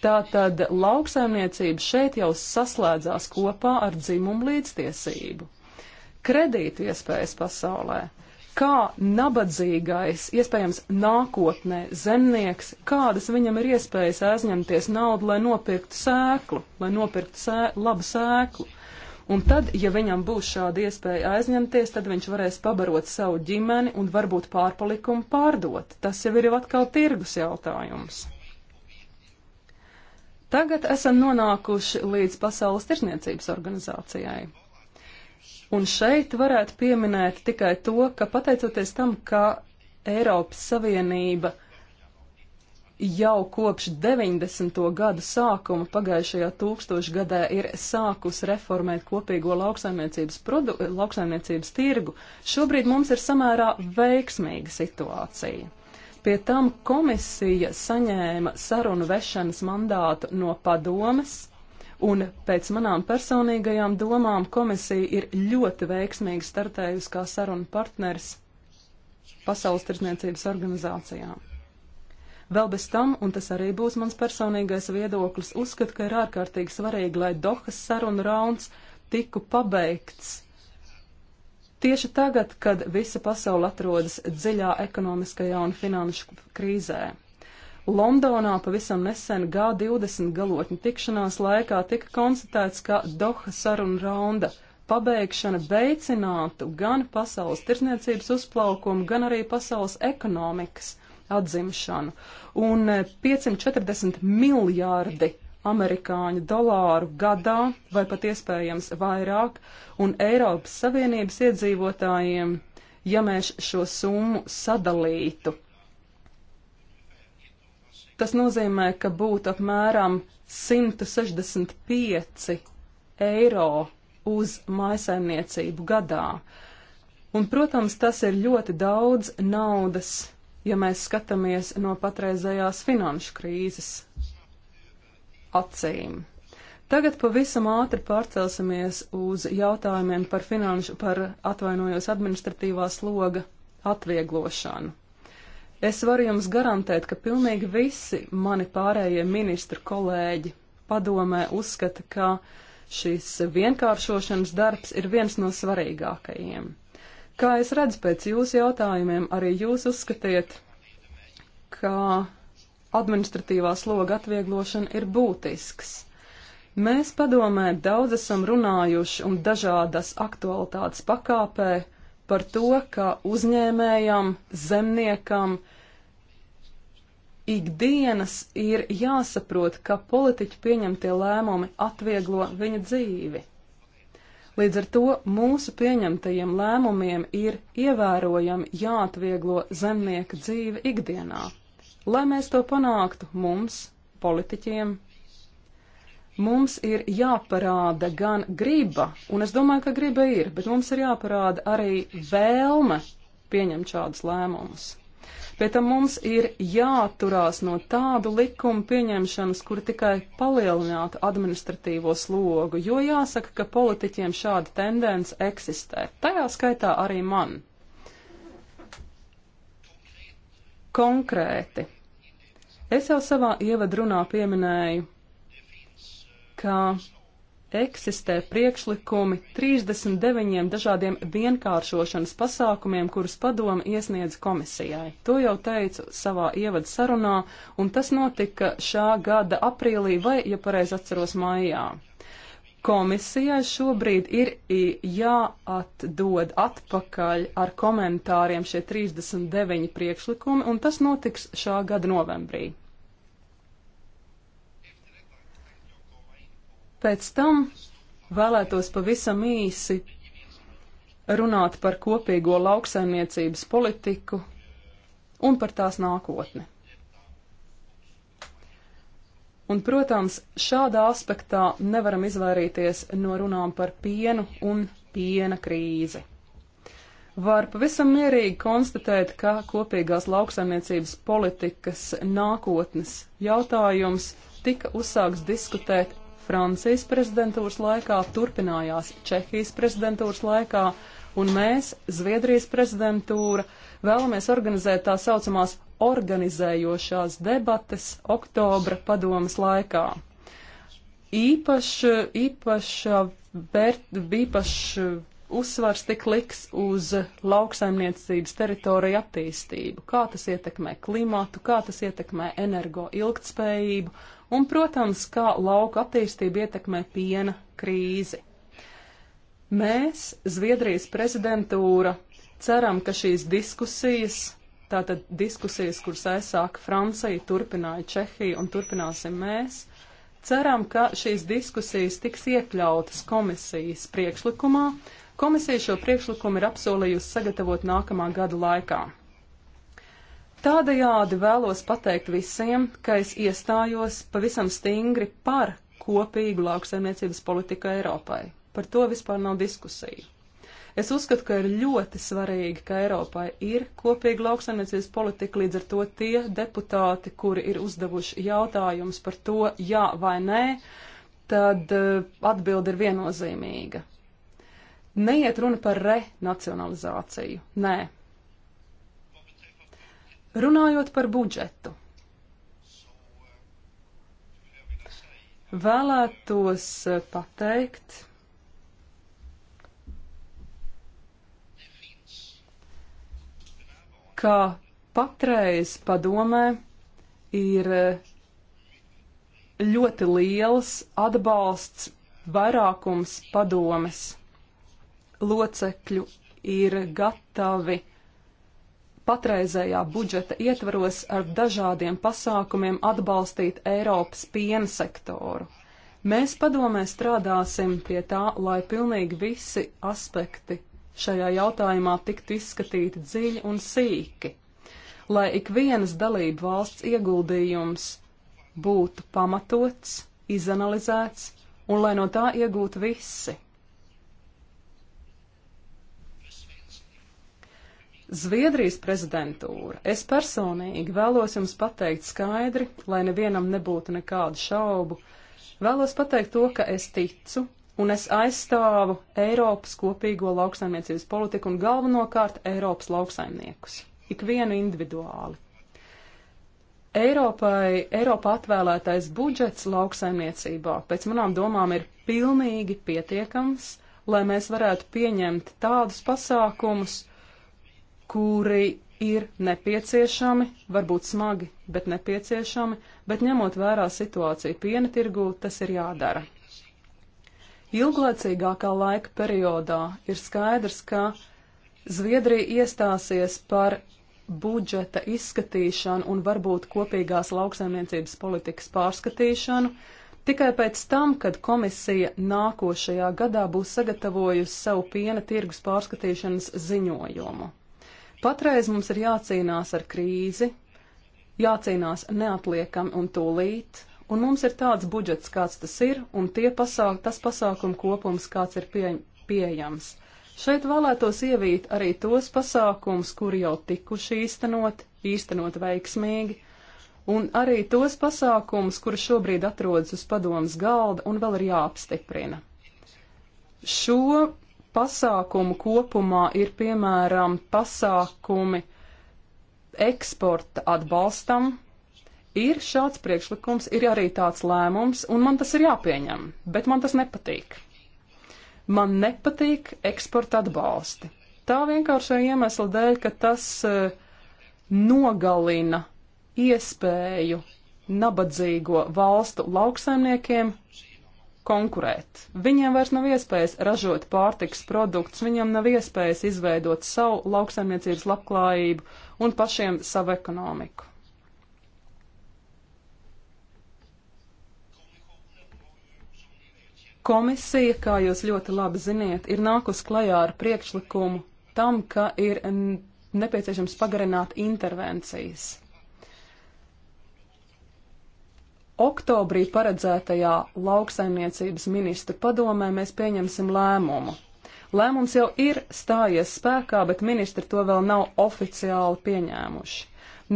Tātad lauksaimniecība šeit jau saslēdzās kopā ar dzimumu līdztiesību. Kredīti iespējas pasaulē kā nabadzīgais, iespējams, nākotnē zemnieks, kādas viņam ir iespējas aizņemties naudu, lai nopirktu sēklu, lai nopirktu sē, labu sēklu. Un tad, ja viņam būs šāda iespēja aizņemties, tad viņš varēs pabarot savu ģimeni un varbūt pārpalikumu pārdot. Tas jau ir jau atkal tirgus jautājums. Tagad esam nonākuši līdz Pasaules tirsniecības organizācijai. Un šeit varētu pieminēt tikai to, ka pateicoties tam, ka Eiropas Savienība jau kopš 90. gadu sākuma pagājušajā tūkstošgadē ir sākus reformēt kopīgo lauksaimniecības, produ, lauksaimniecības tirgu, šobrīd mums ir samērā veiksmīga situācija. Pie tam komisija saņēma sarunu vešanas mandātu no padomes Un pēc manām personīgajām domām komisija ir ļoti veiksmīgi startējusi kā saruna partneris Pasaules tirsniecības organizācijā. Vēl bez tam, un tas arī būs mans personīgais viedoklis, uzskatu, ka ir ārkārtīgi svarīgi, lai Dohas saruna rauns tiku pabeigts Tieši tagad, kad visa pasaule atrodas dziļā ekonomiskajā un finanšu krīzē, Londonā pavisam nesen G20 galotņu tikšanās laikā tika konstatēts, ka Doha saruna raunda pabeigšana veicinātu gan pasaules tirsniecības uzplaukumu, gan arī pasaules ekonomikas atzimšanu. Un 540 e, miljārdi amerikāņu dolāru gadā, vai pat iespējams vairāk, un Eiropas Savienības iedzīvotājiem, ja mēs šo summu sadalītu Tas nozīmē, ka būtu apmēram 165 eiro uz maisaimniecību gadā. Un, protams, tas ir ļoti daudz naudas, ja mēs skatāmies no patreizējās finanšu krīzes acīm. Tagad pavisam ātri pārcelsimies uz jautājumiem par finanšu, par atvainojos administratīvā sloga atvieglošanu. Es varu jums garantēt, ka pilnīgi visi mani pārējie ministra kolēģi padomē uzskata, ka šis vienkāršošanas darbs ir viens no svarīgākajiem. Kā es redzu pēc jūsu jautājumiem, arī jūs uzskatiet, ka administratīvā sloga atvieglošana ir būtisks. Mēs padomē daudz esam runājuši un dažādas aktualitātes pakāpē par to, ka uzņēmējam, zemniekam, uh, ikdienas ir jāsaprot, ka politiķi pieņemtie lēmumi atvieglo viņa dzīvi. Līdz ar to mūsu pieņemtajiem lēmumiem ir ievērojami jāatvieglo zemnieka dzīve ikdienā. Lai mēs to panāktu, mums, politiķiem, mums ir jāparāda gan griba, un es domāju, ka griba ir, bet mums ir jāparāda arī vēlme pieņemt šādus lēmumus. Pēc tam mums ir jāturās no tādu likumu pieņemšanas, kur tikai palielinātu administratīvo slogu, jo jāsaka, ka politiķiem šāda tendence eksistē. Tajā skaitā arī man. Konkrēti. Es jau savā ievadrunā pieminēju, ka eksistē priekšlikumi 39 dažādiem vienkāršošanas pasākumiem, kurus padomu iesniedz komisijai. To jau teicu savā ievada sarunā, un tas notika šā gada aprīlī vai, ja pareizi atceros, maijā. Komisijai šobrīd ir jāatdod atpakaļ ar komentāriem šie 39 priekšlikumi, un tas notiks šā gada novembrī. Pēc tam vēlētos pavisam īsi runāt par kopīgo lauksaimniecības politiku un par tās nākotni. Un, protams, šādā aspektā nevaram izvairīties no runām par pienu un piena krīzi. Var pavisam mierīgi konstatēt, ka kopīgās lauksaimniecības politikas nākotnes jautājums tika uzsāks diskutēt Francijas prezidentūras laikā, turpinājās Čehijas prezidentūras laikā, un mēs, Zviedrijas prezidentūra, vēlamies organizēt tā saucamās organizējošās debates oktobra padomas laikā. Īpaš, īpaša, vērt, īpaša uzsvars tik liks uz lauksaimniecības teritoriju attīstību, kā tas ietekmē klimatu, kā tas ietekmē energo ilgtspējību un, protams, kā lauka attīstība ietekmē piena krīzi. Mēs, Zviedrijas prezidentūra, ceram, ka šīs diskusijas, tātad diskusijas, kuras aizsāka Francija, turpināja Čehija un turpināsim mēs, ceram, ka šīs diskusijas tiks iekļautas komisijas priekšlikumā. Komisija šo priekšlikumu ir apsolījusi sagatavot nākamā gada laikā. Tādējādi vēlos pateikt visiem, ka es iestājos pavisam stingri par kopīgu lauksaimniecības politiku Eiropai. Par to vispār nav diskusiju. Es uzskatu, ka ir ļoti svarīgi, ka Eiropai ir kopīga lauksaimniecības politika, līdz ar to tie deputāti, kuri ir uzdevuši jautājumus par to jā vai nē, tad eh, atbildi ir viennozīmīga. Neiet runa par renacionalizāciju. Nē, Runājot par budžetu, vēlētos eh, pateikt, ka patreiz padomē ir eh, ļoti liels atbalsts vairākums padomes locekļu ir gatavi patreizējā budžeta ietvaros ar dažādiem pasākumiem atbalstīt Eiropas piena sektoru. Mēs padomē strādāsim pie tā, lai pilnīgi visi aspekti šajā jautājumā tiktu izskatīti dziļi un sīki, lai ik vienas dalību valsts ieguldījums būtu pamatots, izanalizēts un lai no tā iegūtu visi. Zviedrijas prezidentūra. Es personīgi vēlos jums pateikt skaidri, lai nevienam nebūtu nekādu šaubu. Vēlos pateikt to, ka es ticu un es aizstāvu Eiropas kopīgo lauksaimniecības politiku un galvenokārt Eiropas lauksaimniekus. Ikvienu individuāli. Eiropai, Eiropā atvēlētais budžets lauksaimniecībā pēc manām domām ir pilnīgi pietiekams, lai mēs varētu pieņemt tādus pasākumus, kuri ir nepieciešami, varbūt smagi, bet nepieciešami, bet ņemot vērā situāciju piena tirgū, tas ir jādara. Ilglaicīgākā laika periodā ir skaidrs, ka Zviedrija iestāsies par budžeta izskatīšanu un varbūt kopīgās lauksaimniecības politikas pārskatīšanu tikai pēc tam, kad komisija nākošajā gadā būs sagatavojusi savu piena tirgus pārskatīšanas ziņojumu. Patreiz mums ir jācīnās ar krīzi, jācīnās neatliekami un tūlīt, un mums ir tāds budžets, kāds tas ir, un tie pasāk, tas pasākumu kopums, kāds ir pie, pieejams. Šeit vēlētos ievīt arī tos pasākums, kuri jau tikuši īstenot, īstenot veiksmīgi, un arī tos pasākums, kuri šobrīd atrodas uz padomas galda un vēl ir jāapstiprina. Šo pasākumu kopumā ir piemēram pasākumi eksporta atbalstam. Ir šāds priekšlikums, ir arī tāds lēmums, un man tas ir jāpieņem, bet man tas nepatīk. Man nepatīk eksporta atbalsti. Tā vienkāršā iemesla dēļ, ka tas eh, nogalina iespēju nabadzīgo valstu lauksaimniekiem konkurēt. Viņiem vairs nav iespējas ražot pārtiks produktus, viņiem nav iespējas izveidot savu lauksaimniecības labklājību un pašiem savu ekonomiku. Komisija, kā jūs ļoti labi ziniet, ir nākus klajā ar priekšlikumu tam, ka ir nepieciešams pagarināt intervencijas. oktobrī paredzētajā lauksaimniecības ministru padomē mēs pieņemsim lēmumu. Lēmums jau ir stājies spēkā, bet ministri to vēl nav oficiāli pieņēmuši.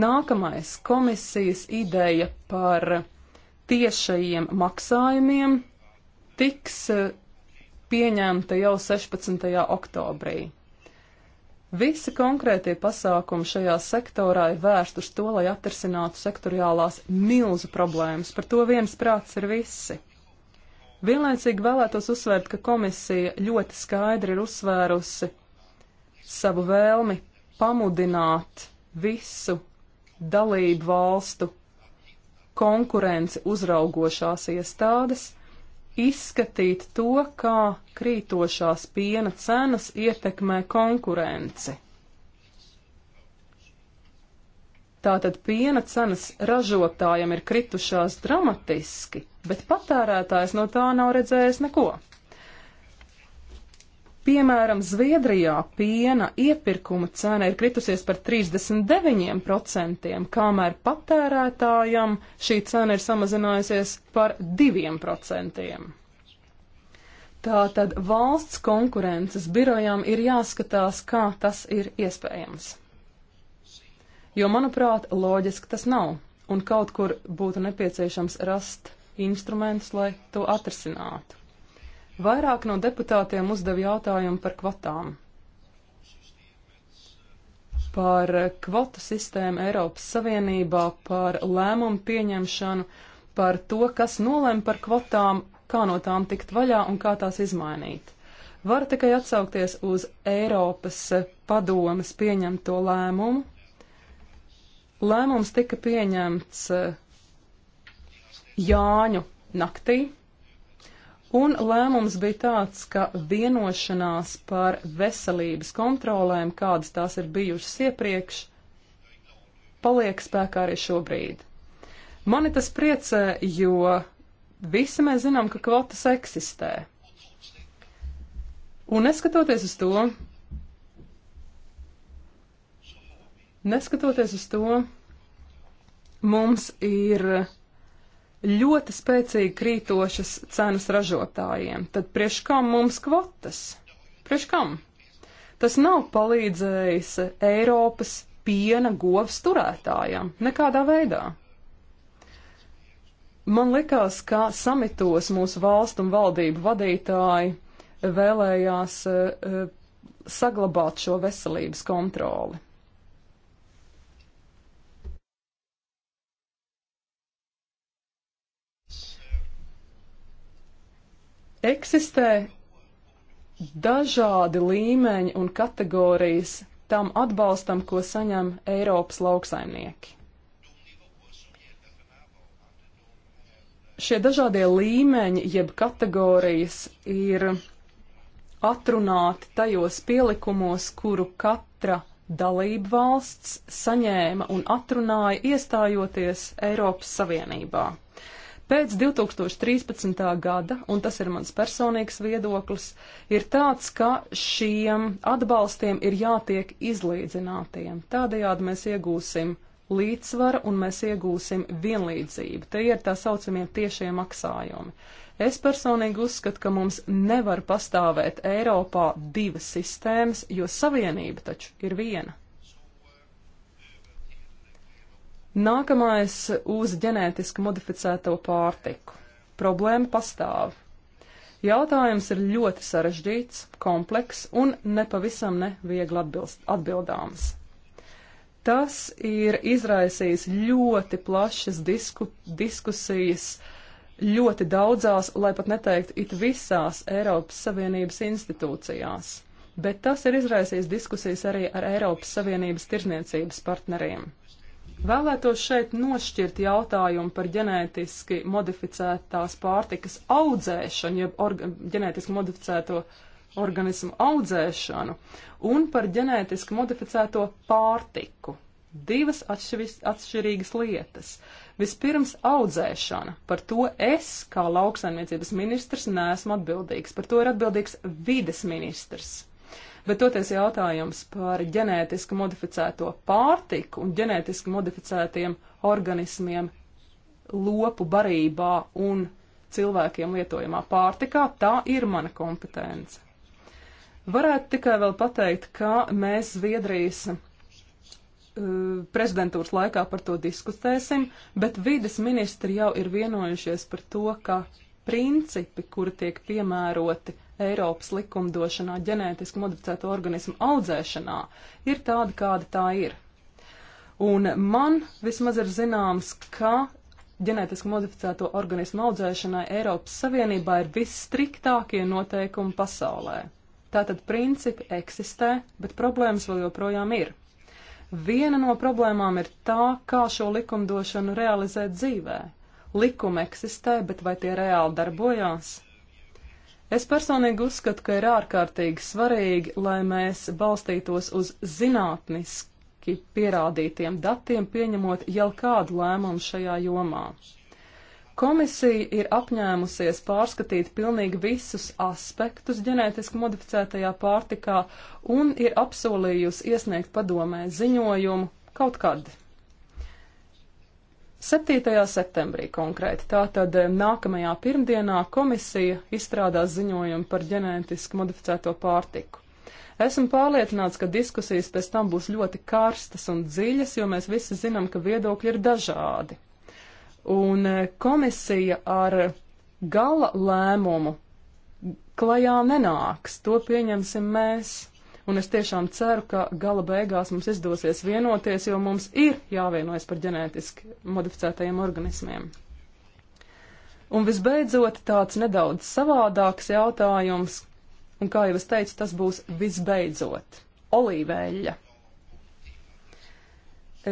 Nākamais komisijas ideja par tiešajiem maksājumiem tiks eh, pieņemta jau 16. oktobrī. Visi konkrētie pasākumi šajā sektorā ir vērsti uz to, lai atrisinātu sektoriālās milzu problēmas. Par to viens prāts ir visi. Vienlaicīgi vēlētos uzsvērt, ka komisija ļoti skaidri ir uzsvērusi savu vēlmi pamudināt visu dalību valstu konkurenci uzraugošās iestādes izskatīt to, kā krītošās piena cenas ietekmē konkurenci. Tātad piena cenas ražotājiem ir kritušās dramatiski, bet patērētājs no tā nav redzējis neko. Piemēram, Zviedrijā piena iepirkuma cena ir kritusies par 39%, kamēr patērētājam šī cena ir samazinājusies par 2%. Tātad valsts konkurences birojām ir jāskatās, kā tas ir iespējams. Jo, manuprāt, loģiski tas nav, un kaut kur būtu nepieciešams rast instrumentus, lai to atrisinātu. Vairāk no deputātiem uzdeva jautājumu par kvotām. Par kvotu sistēmu Eiropas Savienībā, par lēmumu pieņemšanu, par to, kas nolēma par kvotām, kā no tām tikt vaļā un kā tās izmainīt. Var tikai atsaukties uz Eiropas padomas pieņemto lēmumu. Lēmums tika pieņemts eh, Jāņu naktī, Un lēmums bija tāds, ka vienošanās par veselības kontrolēm, kādas tās ir bijušas iepriekš, paliek spēkā arī šobrīd. Mani tas priecē, jo visi mēs zinām, ka kvotas eksistē. Un neskatoties uz to, neskatoties uz to, mums ir ļoti spēcīgi krītošas cenas ražotājiem, tad priekš kam mums kvotas? Priekš kam? Tas nav palīdzējis Eiropas piena govs turētājam nekādā veidā. Man likās, ka samitos mūsu valstu un valdību vadītāji vēlējās uh, saglabāt šo veselības kontroli. Eksistē dažādi līmeņi un kategorijas tam atbalstam, ko saņem Eiropas lauksaimnieki. Šie dažādie līmeņi jeb kategorijas ir atrunāti tajos pielikumos, kuru katra dalība valsts saņēma un atrunāja iestājoties Eiropas Savienībā pēc 2013. gada, un tas ir mans personīgs viedoklis, ir tāds, ka šiem atbalstiem ir jātiek izlīdzinātiem. Tādējādi mēs iegūsim līdzsvaru un mēs iegūsim vienlīdzību. Tie ir tā saucamie tiešie maksājumi. Es personīgi uzskatu, ka mums nevar pastāvēt Eiropā divas sistēmas, jo savienība taču ir viena. Nākamais uz ģenētiski modificēto pārtiku. Problēma pastāv. Jautājums ir ļoti sarežģīts, kompleks un nepavisam neviegli atbilst, atbildāms. Tas ir izraisījis ļoti plašas disku, diskusijas ļoti daudzās, lai pat neteikt it visās Eiropas Savienības institūcijās, bet tas ir izraisījis diskusijas arī ar Eiropas Savienības tirzniecības partneriem. Vēlētos šeit nošķirt jautājumu par ģenētiski modificētās pārtikas audzēšanu, jeb orga, ģenētiski modificēto organismu audzēšanu un par ģenētiski modificēto pārtiku. Divas atšķirīgas lietas. Vispirms audzēšana. Par to es, kā lauksaimniecības ministrs, neesmu atbildīgs. Par to ir atbildīgs vides ministrs. Bet toties jautājums par ģenētiski modificēto pārtiku un ģenētiski modificētiem organismiem lopu barībā un cilvēkiem lietojamā pārtikā, tā ir mana kompetence. Varētu tikai vēl pateikt, ka mēs Zviedrijas uh, prezidentūras laikā par to diskutēsim, bet vides ministri jau ir vienojušies par to, ka principi, kuri tiek piemēroti Eiropas likumdošanā ģenētiski modificēto organismu audzēšanā, ir tāda, kāda tā ir. Un man vismaz ir zināms, ka ģenētiski modificēto organismu audzēšanai Eiropas Savienībā ir visstriktākie noteikumi pasaulē. Tātad principi eksistē, bet problēmas vēl joprojām ir. Viena no problēmām ir tā, kā šo likumdošanu realizēt dzīvē, likumi eksistē, bet vai tie reāli darbojās? Es personīgi uzskatu, ka ir ārkārtīgi svarīgi, lai mēs balstītos uz zinātniski pierādītiem datiem, pieņemot jau kādu lēmumu šajā jomā. Komisija ir apņēmusies pārskatīt pilnīgi visus aspektus ģenētiski modificētajā pārtikā un ir apsolījusi iesniegt padomē ziņojumu kaut kad 7. septembrī konkrēti, tātad eh, nākamajā pirmdienā komisija izstrādās ziņojumu par ģenētiski modificēto pārtiku. Esmu pārliecināts, ka diskusijas pēc tam būs ļoti karstas un dziļas, jo mēs visi zinām, ka viedokļi ir dažādi. Un eh, komisija ar gala lēmumu klajā nenāks, to pieņemsim mēs un es tiešām ceru, ka gala beigās mums izdosies vienoties, jo mums ir jāvienojas par ģenētiski modificētajiem organismiem. Un visbeidzot, tāds nedaudz savādāks jautājums, un kā jau es teicu, tas būs visbeidzot - olīveļa.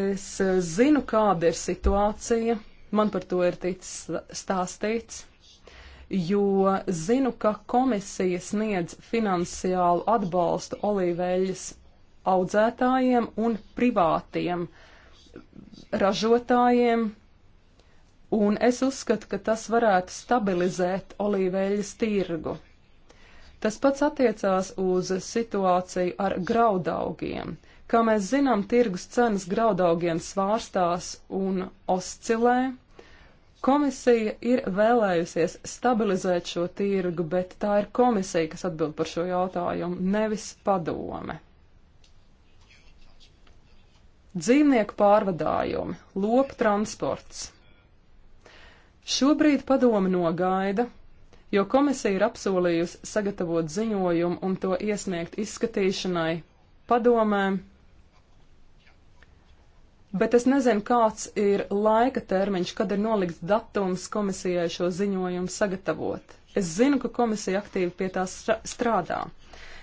Es eh, zinu, kāda ir situācija, man par to ir ticis stāstīts jo zinu, ka komisija sniedz finansiālu atbalstu olīveļas audzētājiem un privātiem ražotājiem, un es uzskatu, ka tas varētu stabilizēt olīveļas tirgu. Tas pats attiecās uz situāciju ar graudaugiem. Kā mēs zinām, tirgus cenas graudaugiem svārstās un oscilē, Komisija ir vēlējusies stabilizēt šo tirgu, bet tā ir komisija, kas atbild par šo jautājumu, nevis padome. Dzīvnieku pārvadājumi, lopu transports. Šobrīd padome nogaida, jo komisija ir apsolījusi sagatavot ziņojumu un to iesniegt izskatīšanai padomēm bet es nezinu, kāds ir laika termiņš, kad ir nolikts datums komisijai šo ziņojumu sagatavot. Es zinu, ka komisija aktīvi pie tā strādā.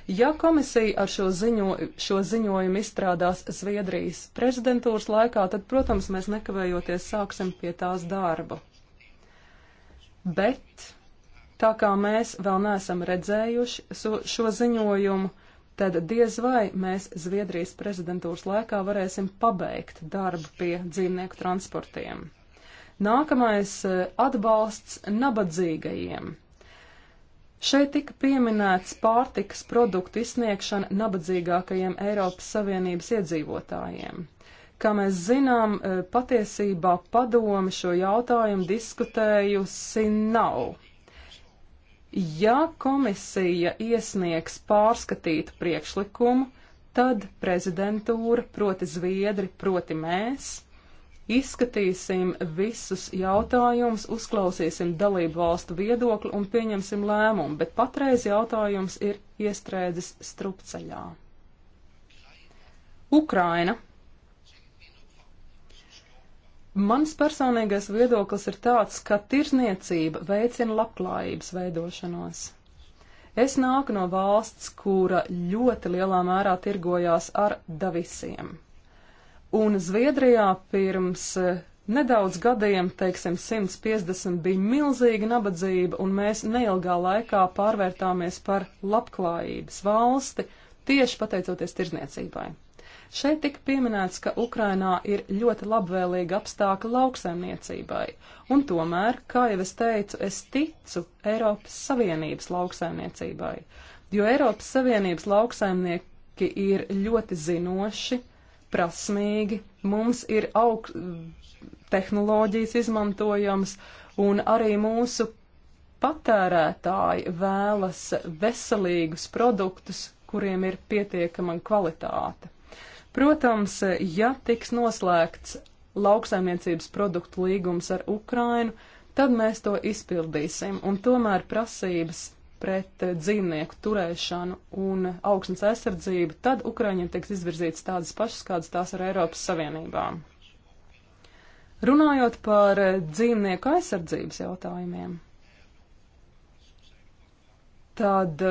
Ja komisija ar šo, ziņo, šo ziņojumu izstrādās Zviedrijas prezidentūras laikā, tad, protams, mēs nekavējoties sāksim pie tās darbu. Bet tā kā mēs vēl neesam redzējuši šo, šo ziņojumu, tad diez vai mēs Zviedrijas prezidentūras laikā varēsim pabeigt darbu pie dzīvnieku transportiem. Nākamais eh, - atbalsts nabadzīgajiem. Šeit tika pieminēts pārtikas produktu izsniegšana nabadzīgākajiem Eiropas Savienības iedzīvotājiem. Kā mēs zinām, eh, patiesībā padomi šo jautājumu diskutējusi nav. Ja komisija iesniegs pārskatītu priekšlikumu, tad prezidentūra, proti Zviedri, proti mēs, izskatīsim visus jautājumus, uzklausīsim dalību valstu viedokli un pieņemsim lēmumu, bet patreiz jautājums ir iestrēdzis strupceļā. Ukraina Mans personīgais viedoklis ir tāds, ka tirzniecība veicina labklājības veidošanos. Es nāku no valsts, kura ļoti lielā mērā tirgojās ar davisiem. Un Zviedrijā pirms e, nedaudz gadiem, teiksim, 150 bija milzīga nabadzība, un mēs neilgā laikā pārvērtāmies par labklājības valsti tieši pateicoties tirzniecībai. Šeit tika pieminēts, ka Ukrainā ir ļoti labvēlīga apstākļa lauksaimniecībai, un tomēr, kā jau es teicu, es ticu Eiropas Savienības lauksaimniecībai, jo Eiropas Savienības lauksaimnieki ir ļoti zinoši, prasmīgi, mums ir aug... tehnoloģijas izmantojams, un arī mūsu patērētāji vēlas veselīgus produktus, kuriem ir pietiekama kvalitāte. Protams, ja tiks noslēgts lauksaimniecības produktu līgums ar Ukrainu, tad mēs to izpildīsim, un tomēr prasības pret dzīvnieku turēšanu un augstnes aizsardzību, tad Ukraiņiem tiks izvirzītas tādas pašas, kādas tās ir Eiropas Savienībā. Runājot par dzīvnieku aizsardzības jautājumiem, tad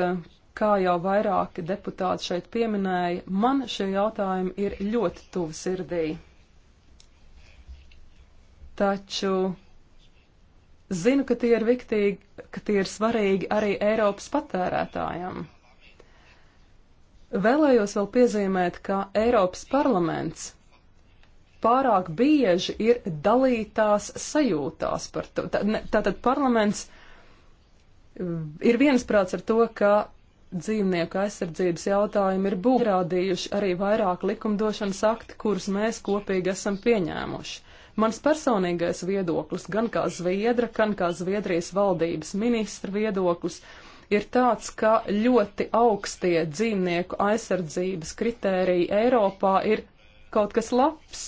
Kā jau vairāki deputāti šeit pieminēja, man šie jautājumi ir ļoti tuvu sirdī. Taču zinu, ka tie ir viktīgi, ka tie ir svarīgi arī Eiropas patērētājiem. Vēlējos vēl piezīmēt, ka Eiropas parlaments pārāk bieži ir dalītās sajūtās par to. Tātad parlaments mm, ir viensprāts ar to, ka dzīvnieku aizsardzības jautājumi ir būvrādījuši arī vairāk likumdošanas akti, kurus mēs kopīgi esam pieņēmuši. Mans personīgais viedoklis, gan kā Zviedra, gan kā Zviedrijas valdības ministra viedoklis, ir tāds, ka ļoti augstie dzīvnieku aizsardzības kritēriji Eiropā ir kaut kas labs.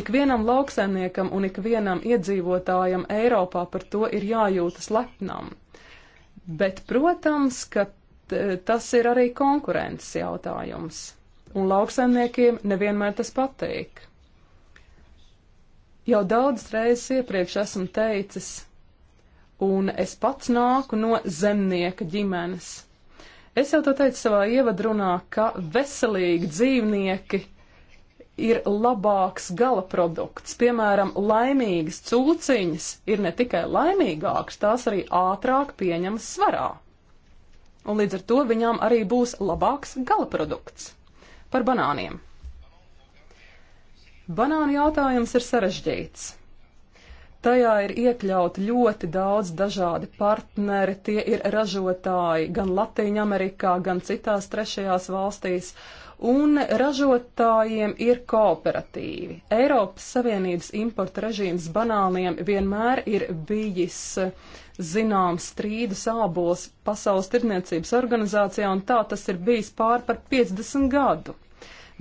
Ikvienam lauksaimniekam un ikvienam iedzīvotājam Eiropā par to ir jājūtas lepnam. Bet, protams, ka Eh, tas ir arī konkurences jautājums. Un lauksaimniekiem nevienmēr tas patīk. Jau daudz reizes iepriekš esmu teicis, un es pats nāku no zemnieka ģimenes. Es jau to teicu savā ievadrunā, ka veselīgi dzīvnieki ir labāks gala produkts. Piemēram, laimīgas cūciņas ir ne tikai laimīgākas, tās arī ātrāk pieņemas svarā un līdz ar to viņām arī būs labāks gala produkts. Par banāniem. Banānu jautājums ir sarežģīts. Tajā ir iekļauti ļoti daudz dažādi partneri, tie ir ražotāji gan Latīņa Amerikā, gan citās trešajās valstīs, un ražotājiem ir kooperatīvi. Eiropas Savienības importa režīms banāniem vienmēr ir bijis uh, zināms strīdu sābols Pasaules tirniecības organizācijā, un tā tas ir bijis pār par 50 gadu.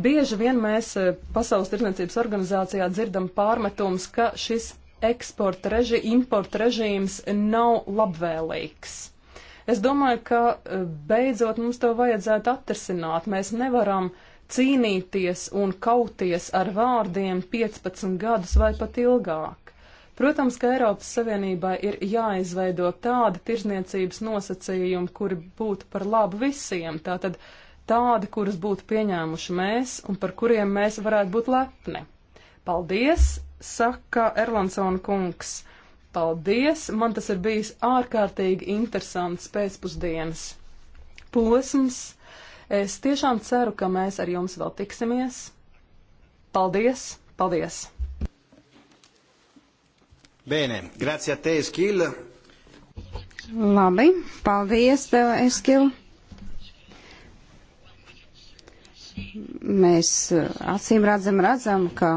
Bieži vien mēs eh, Pasaules tirniecības organizācijā dzirdam pārmetums, ka šis eksporta reži, importa režīms nav labvēlīgs. Es domāju, ka eh, beidzot mums to vajadzētu atrisināt. Mēs nevaram cīnīties un kauties ar vārdiem 15 gadus vai pat ilgāk. Protams, ka Eiropas Savienībai ir jāizveido tādi tirzniecības nosacījumi, kuri būtu par labu visiem, tātad tādi, kurus būtu pieņēmuši mēs un par kuriem mēs varētu būt lepni. Paldies, saka Erlansona kungs. Paldies, man tas ir bijis ārkārtīgi interesants pēcpusdienas posms. Es tiešām ceru, ka mēs ar jums vēl tiksimies. Paldies! Paldies! Bene, grazie a te, Eskil. Labi, paldies tev, Eskil. Mēs eh, acīm redzam, redzam, ka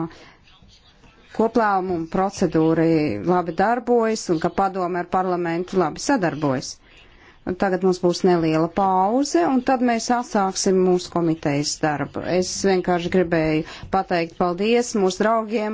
koplēmuma procedūra labi darbojas un ka padome ar parlamentu labi sadarbojas. Un tagad mums būs neliela pauze, un tad mēs atsāksim mūsu komitejas darbu. Es vienkārši gribēju pateikt paldies mūsu draugiem.